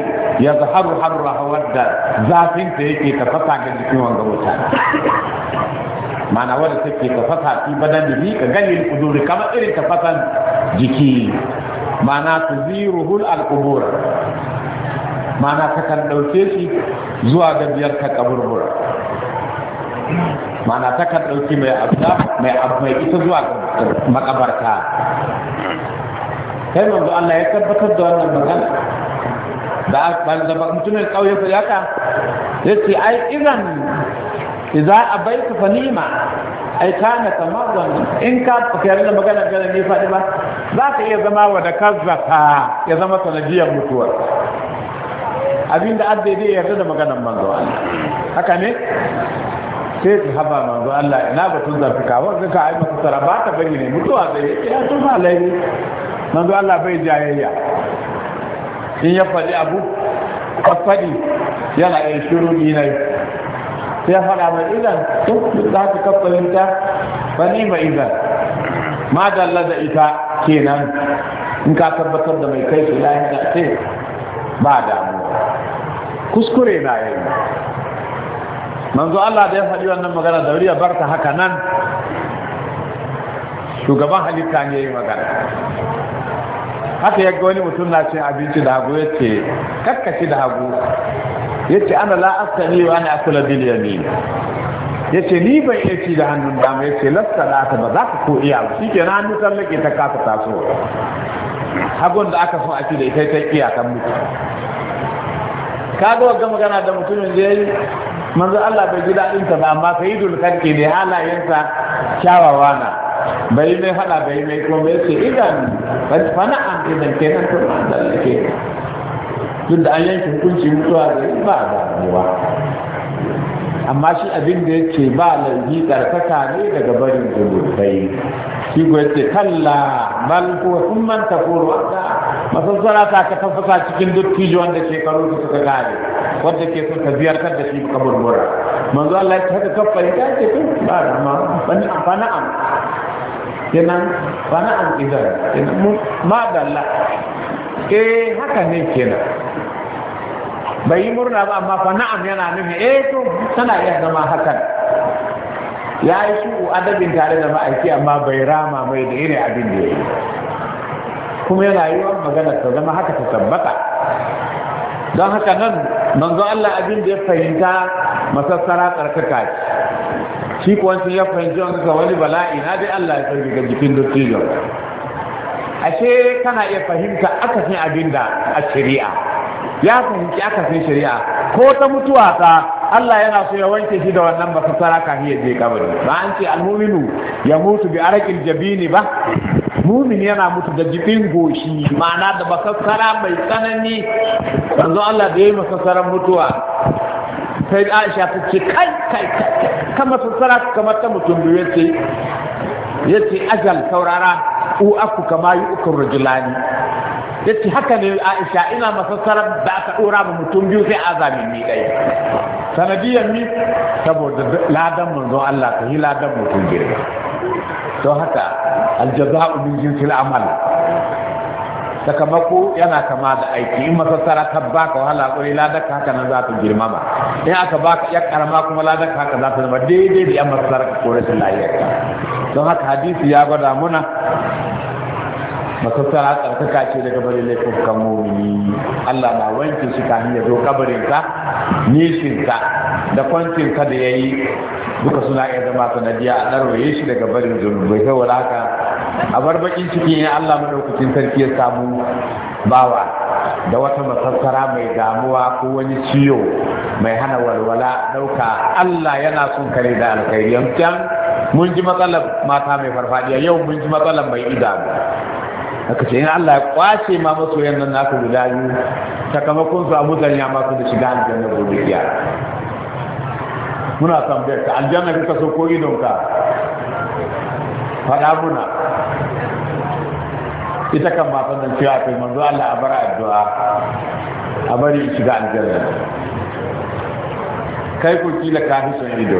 ya zaharu harra rahawar da zafin ta yake tafasa ga jikin wanga wuta ma'ana wadda take tafasa fi badan da ka gani kuduri kamar irin tafasan jiki ma'ana ta ziruhul al'ubura ma'ana ka kan ɗauke shi zuwa ga biyar ta kaburbura mana ta ka ɗauki mai abuwa mai abu mai ita zuwa makabarta sai manzo Allah ya tabbatar da wannan magana da ban da mutumin kauye ko yaka yace ai idan idza abaita fanima ai kana tamarran in ka fiyar da magana ga ne fadi ba za ka iya zama wa da kazzaka ya zama sanadiyar mutuwa abinda addai dai yarda da maganar manzo Allah haka ne sai ta haba manzo Allah ina batun zafika kawo, ka ai masa tsara. ba ta bari ne mutuwa zai yi ya to ba laifi manzo Allah bai jayayya in ya faɗi abu ka faɗi yana ɗan shiru ni na sai ya faɗa mai idan to za ka kafalinta ba ni ma idan ma da da ita kenan in ka tabbatar da mai kai su shi da sai ba damu. kuskure na yayi manzo Allah da ya faɗi wannan magana da wuri ya barta haka nan shugaban halitta ne ya yi magana haka ya ga wani mutum na cin abinci da hagu ya ce kakkashi da hagu ya ce ana la'asta ne wa a ne ya ce ni ban iya ci da hannun dama ya ce lasta da aka ba za ka ko iya shi ke na hannun ke ta kafa taso hagun da aka son a ci da ita ta iya kan mutu ka ga magana da mutumin da ya yi manzo Allah bai ji daɗin ta ba amma ka yi dulkarki ne halayensa kyawawa na bai mai hada bai mai komai ce idan fana an idan kenan to da ke da an yanke hukunci mutuwa da ba da ruwa amma shi abin da yake ba lalji tsarkaka ne daga barin kai shi ko yace kalla bal ko sun man takuru wata? masassara ta ka tafasa cikin fiji wanda shekaru su suka gane wanda ke son ka ziyartar da shi burbura manzo Allah ya haka ka fahimta ce to ba da ma bani amfana am kenan bana am idan kenan mu ma dalla eh haka ne kenan bai yi murna ba amma fa na'am yana nufin eh to tana iya zama hakan ya yi shi'u adabin tare da ma'aiki amma bai rama mai da irin abin da ya yi kuma yana yi wa magana ta zama haka ta tabbata don haka nan manzo Allah abin da ya fahimta masassara karkaka ce shi kuwa ya fahimci wani ga wani bala'i na dai Allah ya sauke ga jikin dottijo ashe kana iya fahimta akasin abin da a shari'a ya fahimci akasin shari'a ko ta mutuwa ta Allah yana so ya wanke shi da wannan masassara kafin ya je kabari ba an ce almuminu ya mutu bi arakil jabini ba mumin yana mutu da jibin goshi ma'ana da makassara mai tsanani yanzu Allah da ya yi makassarar mutuwa sai da Aisha ta ce kai kai kai kama sassara kamar ta mutum biyu ya yace ajal saurara u aku kama yi ukun rajulani yace haka ne Aisha ina masassarar da aka dora ma mutum biyu sai azamin ni dai sanadiyar ni saboda ladan manzo Allah ta yi ladan mutum girma don haka aljaza'u min jinsil amal sakamako yana kama da aiki in masassara ta baka wahala kuri ladaka haka nan za ta ba in aka baka ya karama kuma ladaka haka za ta zama daidai da yan masassara ka kore su don haka hadisi ya gwada muna masassara tsarkaka ce daga bari laifukan mumini Allah na wanke shi ka hanyar zo kabarinka nishinka da kwancinka da ya yi duka suna iya zama sanadiya a ɗarwaye shi daga barin zunubai saboda haka a barbakin ciki ne Allah madaukakin sarki ya samu bawa da wata masassara mai damuwa ko wani ciwo mai hana walwala dauka Allah yana son kare da alkhairi yankan mun ji matsalar mata mai farfadiya yau mun ji matsalar mai idanu aka ce in Allah ya kwace ma masoyan nan naka guda biyu sakamakon su a musanya masu da shiga aljanna gobe kiyama muna tambayar ka aljanna kika so ko idonka faɗa muna ita kan matan nan cewa kai manzo Allah a bar addu'a a bari shiga aljanna kai ko kila ka fi son ido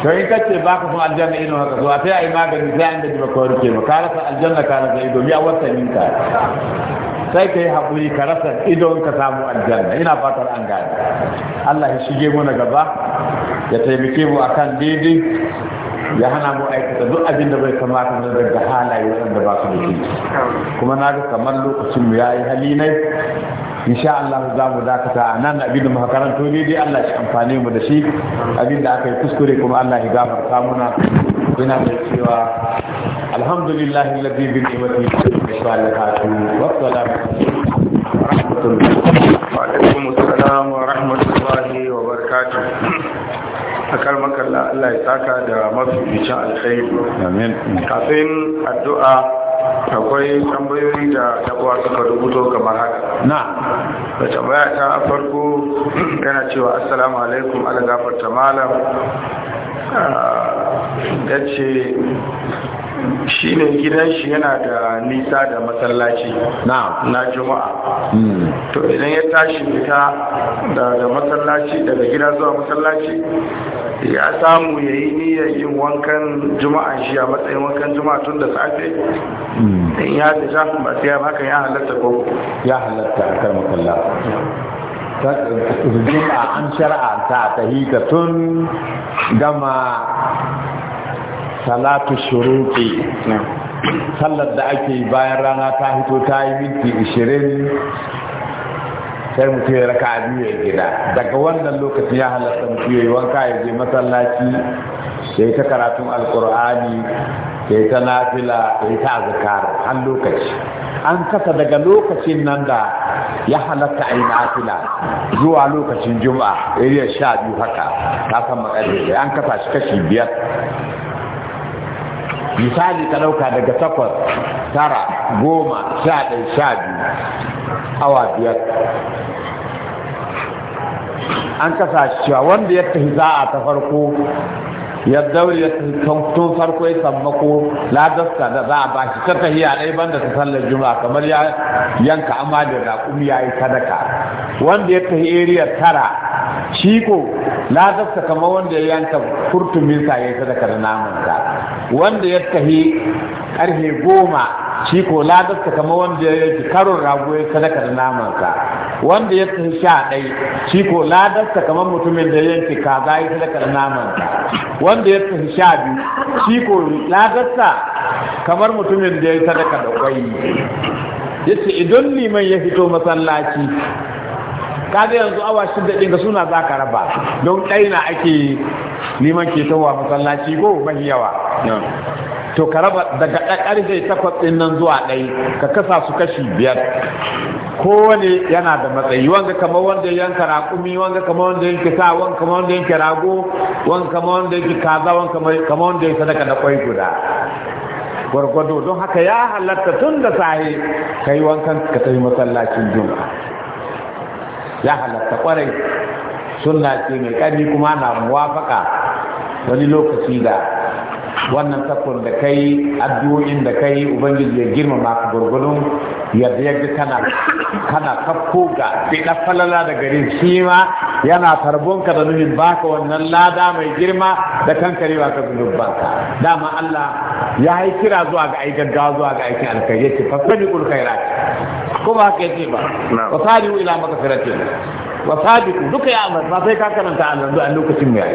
to in kace ba ku son aljanna ido haka zuwa sai ai magani sai an da ba ka rike ba ka rasa aljanna ka rasa ido ya min ka sai ka yi haƙuri ka rasa ido ka samu aljanna ina fatar an gane Allah ya shige mu na gaba ya taimake mu akan daidai ya hana mu aikata duk abin da bai kamata na daga halaye waɗanda ba su da shi kuma na ga kamar lokacin mu yayi hali in sha Allah za mu dakata a nan abin da muka karanto ne dai Allah shi amfane mu da shi abin da aka yi kuskure kuma Allah ya gafarta muna ina da cewa alhamdulillahi alladhi bi ni'matihi salihatu wa salamu alaikum wa rahmatullahi wa barakatuh akar makalla Allah ya saka da mafificin alkhairi amin kafin addu'a akwai tambayoyi da tabuwa suka rubuto kamar haka na da tambaya ta farko yana cewa assalamu alaikum ala gafarta malam ah, ya ce shi ne gidan shi yana da nisa da masallaci na juma'a hmm. to idan ya tashi fita daga masallaci daga gida zuwa masallaci ya samu ya yi niyyar yin wankan juma'a shi a matsayin wankan juma'a tun da safe hmm. in ya fita ba sai hakan ya halatta ko ya halatta a kar makalla juma'a an shara'a ta ta tun gama salatu shuruqi sallar da ake bayan rana ta hito ta yi minti 20 sai mutum ya raka biyu ya gida daga wannan lokacin ya halatta mutum ya yi wanka ya je masallaci ya ta karatun alkur'ani ya yi ta nafila ya ta zakar har lokaci an kasa daga lokacin nan da ya halatta a yi nafila zuwa lokacin juma'a ya sha biyu haka ta san makarfi an kasa shi kashi biyar misali ka ɗauka daga takwas tara goma sha ɗaya sha biyu awa biyar an kasa cewa wanda ya tafi za a ta farko ya daure ya tun farko ya sammako ladasta da za a ba shi ta a ɗaya banda ta sallar juma'a kamar ya yanka amma da raƙumi ya yi sadaka wanda ya tafi area tara shi ko ladarsa kama wanda ya yanka kurtuminsa ya yi sadaka da namansa wanda ya tahi karfe goma shi ko ladarsa kama wanda ya yanki karon rago ya sadaka da namansa wanda ya tahi sha ɗai shi ko ladarsa kama mutumin da ya yanki kaza ya sadaka da namansa wanda ya tahi sha biyu shi ko ladarsa kamar mutumin da ya yi sadaka da kwai yace idan liman ya fito masallaci kaga yanzu awa shi da ga suna za ka raba don ɗaina ake neman ke wa masallaci ko mafi yawa to ka raba daga ƙarfe takwas ɗin nan zuwa ɗai ka kasa su kashi biyar kowane yana da matsayi wanga kamar wanda yanka raƙumi wanga kamar wanda yanka sa wanda kamar wanda yanka rago wanda kamar wanda yanka kaza wanda kamar wanda yanka sadaka na kwai guda gwargwado don haka ya halatta tun da sahi ka yi wankan ka tafi masallacin juma'a ya halatta kwarai sunna ce mai ƙarfi kuma na muwafaka wani lokaci da wannan takon da kai addu'o'in da kai ubangiji ya girma masu gurgurun yadda yadda kana kana kafko ga da falala da garin shi ma yana tarbonka da nuhin baka wannan lada mai girma da kankarewa ka zunubanka dama Allah ya yi kira zuwa ga aikin gaggawa zuwa ga aikin ya ce fasali kul ko ba ka ba wa sari'u ila magfiratin wa sabiqu duka ya amma sai ka karanta a nan a lokacin mai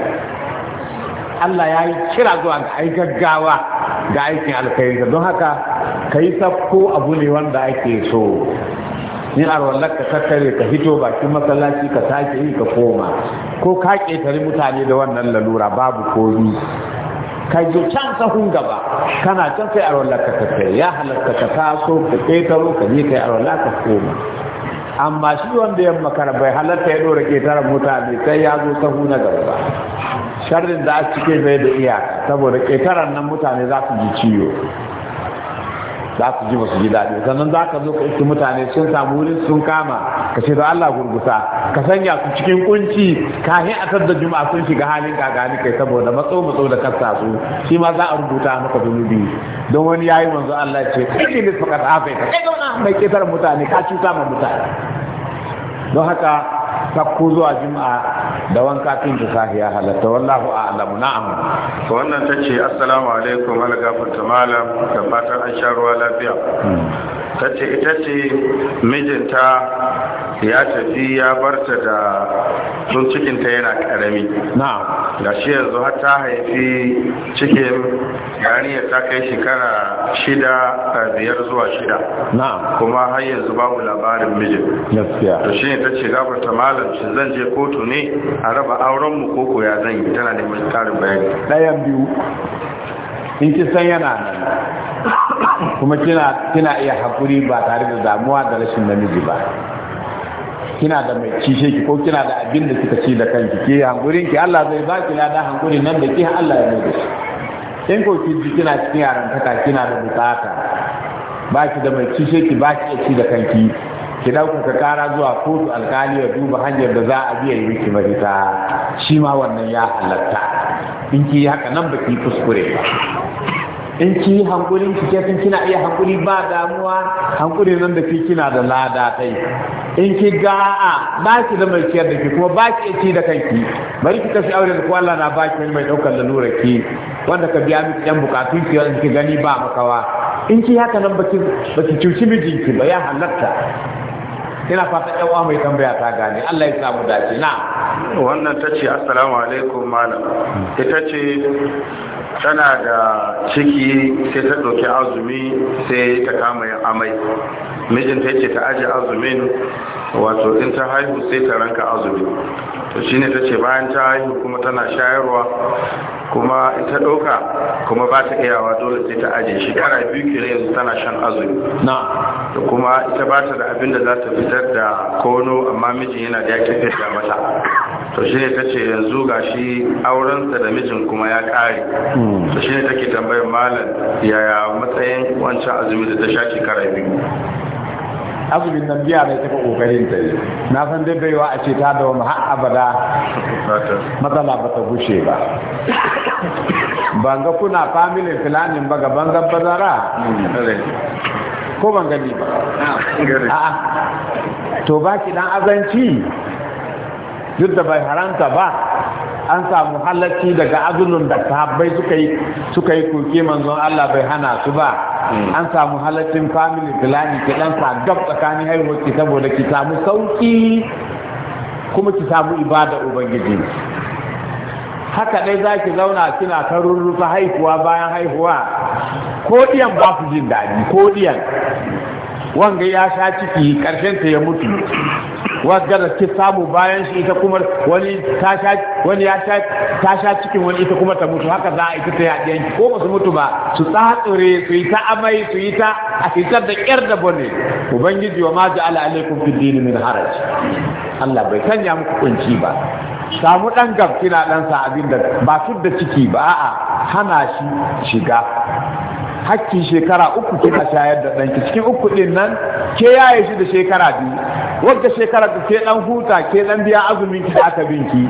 Allah ya yi kira zuwa ga ai gaggawa ga aikin alkhairi don haka kai sabko abu ne wanda ake so Ni arwallar ka tattare ka fito bakin masallaci ka sake yi ka koma ko ka ƙetare mutane da wannan lalura babu komi ka zo can sahun gaba kana can sai arola ka kai ya halarta ka taso ka ƙetaro ka je kai arola ka koma amma shi wanda ya makara bai halarta ya ɗora ƙetare mutane sai ya zo sahu na gaba ba sharrin da a cike bai da iyaka saboda ƙetaren nan mutane za su ji ciwo za su ji su ji daɗi sannan za ka zo ka isi mutane sun samu wurin sun kama ka ce da Allah gurgusa ka sanya su cikin kunci kahin a da juma'a sun shiga halin gagani kai saboda matso matso da kasa su shi ma za a rubuta maka zunubi don wani yayi manzo Allah ce kai ne fakat afai ka kai mai ketar mutane ka cuta ma mutane don haka sakko zuwa juma'a da wanka tun ki sahi ya halatta wallahu a'lamu na'am to wannan tace assalamu alaikum ta malam da fatan an sha ruwa lafiya hmm. tace ita ce mijinta ya tafi ya barta da tun cikinta yana karami da shi yanzu har ta haifi cikin yariya ta kai shekara shida biyar zuwa shida kuma har yanzu babu labarin mijin da shi ne ta ce ta malam shi zan je kotu ne a raba aurenmu ko koya zan yi tana neman karin bayani ɗayan biyu in ki san yana kuma kina iya haƙuri ba tare da damuwa da rashin namiji ba kina da mai cishe ki ko kina da abin da kika ci da kanki ke hankurin ki Allah zai baki lada hankurin nan da ke Allah ya mai in ko ki ji kina cikin yarantaka kina da bukata ba ki da mai cishe ki ba ki ci da kanki ki ka kara zuwa kotu alkali ya duba hanyar da za a biya yi miki mafita shi ma wannan ya halatta in ki haka nan baki kuskure in ki hankulin ki ke kina iya hankuli ba damuwa hankuli nan da ki kina da lada tai in ki ga'a ba ki da mai ciyar da ki kuma ba ki ci da kanki bari ki tafi aure da ko Allah na ba ki mai daukar lalura ki wanda ka biya miki yan bukatun ki wanda ki gani ba makawa in ki haka nan baki ki cuci mijinki ba ya halatta ina fata ɗan uwa mai tambaya ta gane Allah ya samu dace na wannan ta ce assalamu alaikum malam ita ce tana da ciki sai ta ɗauki azumi sai ta kama yin amai mijinta ta ce ta aji azumin wato in ta haihu sai ta ranka azumi to shine ta ce bayan ta haihu kuma tana shayarwa kuma ita ɗauka kuma ba ta iyawa dole sai ta aje shekara biyu ke yanzu tana shan azumi da kuma ita ba ta da abin da za ta fitar da kono amma mijin yana da yake fitar mata to shi ne ta ce yanzu ga shi aurensa da mijin kuma ya ƙare hmm. to shi ne take tambayar malam yaya matsayin wancan azumi da ta sha shekara biyu azumin nan biya ne tafi kokarin ta yi na san dai baiwa a ce ta da wani har abada [LAUGHS] matsala ba ta gushe ba banga kuna familin filanin ba gaban zabbazara ko ban gani ba a'a to baki dan azanci duk da bai haranta ba an samu halacci daga azumin da sahabbai suka yi suka yi kuke manzon Allah bai hana su ba an samu halaccin family planning ki dan sa gab tsakanin haihuwar ki saboda ki samu sauki kuma ki samu ibada ubangiji haka dai za ki zauna kina ta rurrufa haihuwa bayan haihuwa ko diyan ba ku jin daɗi ko diyan wanga ya sha ciki karshen ta ya mutu wanga da ke samu bayan shi ita kuma wani ta sha wani ya sha ta sha cikin wani ita kuma ta mutu haka za a ita ta yaɗiyan ko ba su mutu ba su tsatsure su yi ta amai su yi ta a fitar da ƙyar da bane ubangiji wa ma ja'ala alaikum fid din min haraj Allah bai sanya muku kunci ba samu ɗan gabki na ɗansa abin da ba su da ciki ba a hana shi shiga hakkin shekara uku kina shayar da ɗanki cikin uku ɗin nan ke yaye shi da shekara biyu wadda shekara ke ɗan huta ke ɗan biya azumin ki aka binki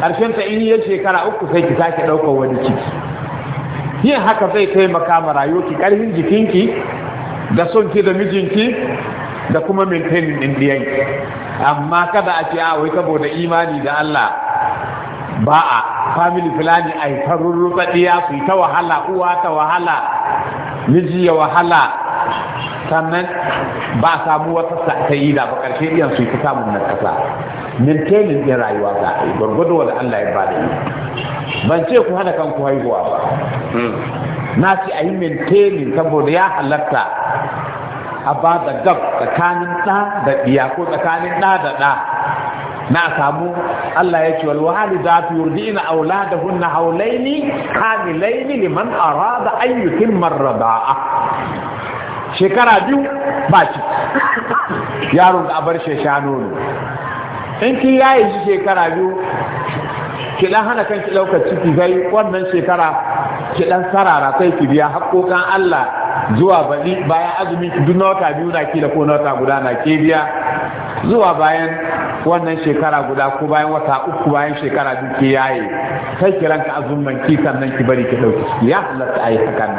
ƙarshen ta in yi shekara uku sai ki sake ɗaukar wani ciki yin haka zai taimaka ma rayuwarki ƙarfin jikinki da son ki da mijinki da kuma maintaining ɗin ɗiyanki amma kada a ce a ah, wai saboda imani da Allah ba a family fulani a yi tarurruka su yi ta wahala uwa ta wahala miji ya wahala sannan ba a samu wata da ba karshe ɗiyan su yi ta samun na ƙasa mintelin ɗin rayuwa za a yi gwargwado da Allah ya ba da yi ban ce ku hana kanku haihuwa ba hmm. na ce a yi mintelin saboda ya halatta a ba da gab tsakanin ɗa da ɗiya ko tsakanin ɗa da ɗa na samu Allah ya ce wal walidatu yurdina auladahunna hawlaini kamilaini liman arada an yutimma ar shekara biyu ba ciki yaron da bar shi sha nono, in kin yayi shi shekara biyu ki dan hana kanki ɗaukar ciki zai wannan shekara ki dan sarara sai ki biya haƙoƙan Allah zuwa bayan azumi duk na wata biyu na kila ko na wata guda na ke zuwa bayan wannan shekara guda ko bayan wata uku bayan shekara duk ke yaye kai kiran ka azumman ki sannan ki bari ki dauki ya halatta ayi hakan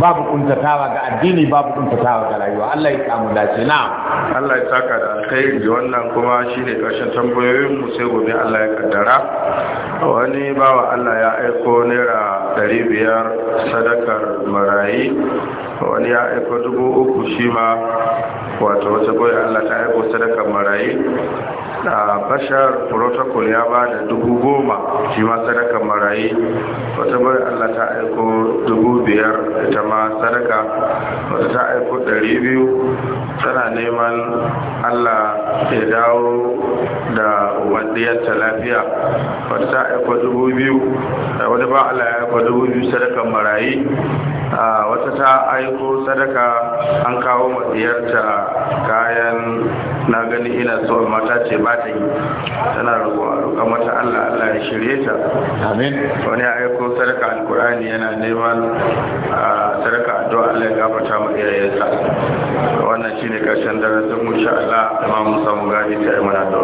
babu kuntatawa ga addini babu kuntatawa ga rayuwa Allah ya samu dace na Allah ya saka da alkhairi da wannan kuma shine karshen tambayoyin mu sai gobe Allah ya kaddara wani bawa Allah ya aiko naira ɗari biyar sadakar marayi wani ya aiko dubu uku shi ma wato wata goyi Allah ta aiko sadakar marayi a bashar protocol ya ba da dubu goma shi ma sadaka marayi wata bai allah ta aiko dubu biyar ta ma sadaka wata ta aiko dari biyu tana neman allah ya dawo da wadiyarta lafiya wata ta aiko dubu biyu da wata ba allah ya aiko dubu biyu sadakan marayi a wata ta aiko sadaka an kawo matsiyarta kayan na gani ina so mata ce ba ta yi tana rubuwa roƙa mata Allah Allah ya shirye ta amin wani aiko sadaka alkur'ani yana neman a sarka addu'a Allah ya gafarta mu iyayensa wannan shine karshen darasin mu insha Allah ma mu samu gani ta yi mana da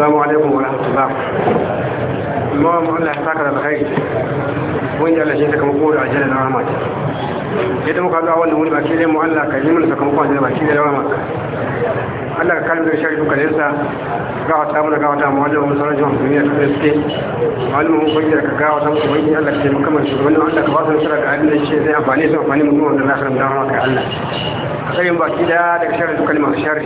assalamu alaikum wa rahmatullah imam Allah ya saka da alkhairi mun ji Allah shayin baki daya daga sharin su kalmar shari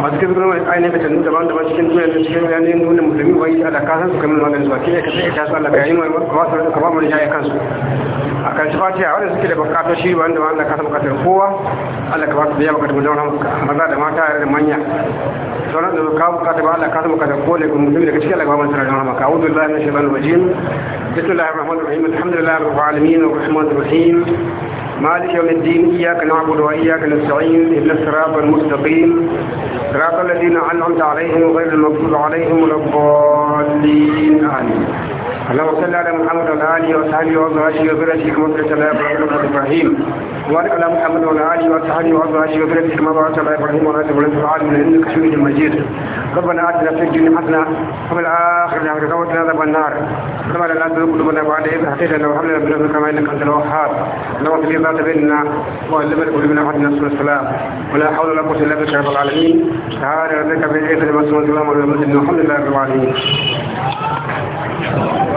masu kai zuwa mai ainihin fitan daban daban cikin duniya da cikin yanayin nuna musulmi wani a da kasan su kamar maganin su baki da ka sai ta su allah bayanin wani ba su ka ba mu jaya kansu a kan fatiha wanda suke da bukatar shi ba wanda allah kasa bukatar kowa allah ka ba su biya bukatar mutum maza da mata da manya sauran da ka bukatar ba allah kasa bukatar kowane musulmi daga cikin allah ka ba mu sarari maka a'udhu billahi minash shaitanir rajim bismillahir rahmanir rahim alhamdulillahi rabbil alamin arrahmanir rahim مالك يوم الدين إياك نعبد وإياك نستعين إن الصراط المستقيم صراط الذين أنعمت عليهم غير المغضوب عليهم ولا الضالين آمين اللهم صل على محمد وعلى اله وصحبه وازواجه وذريته كما صليت على ابراهيم وبارك على محمد وعلى اله وصحبه وازواجه وذريته كما باركت على ابراهيم وعلى اله وصحبه العالمين انك حميد مجيد ربنا اتنا في الدنيا حسنه وفي الاخره حسنه وقنا عذاب النار ربنا لا تزغ قلوبنا بعد اذ هديتنا وهب لنا من لدنك رحمه انك انت الوهاب اللهم اغفر لنا بيننا وعلمنا قلوبنا وحدنا سوء السلام ولا حول ولا قوه الا بك رب العالمين تعالى ربك بالعزه والسلام والحمد لله رب العالمين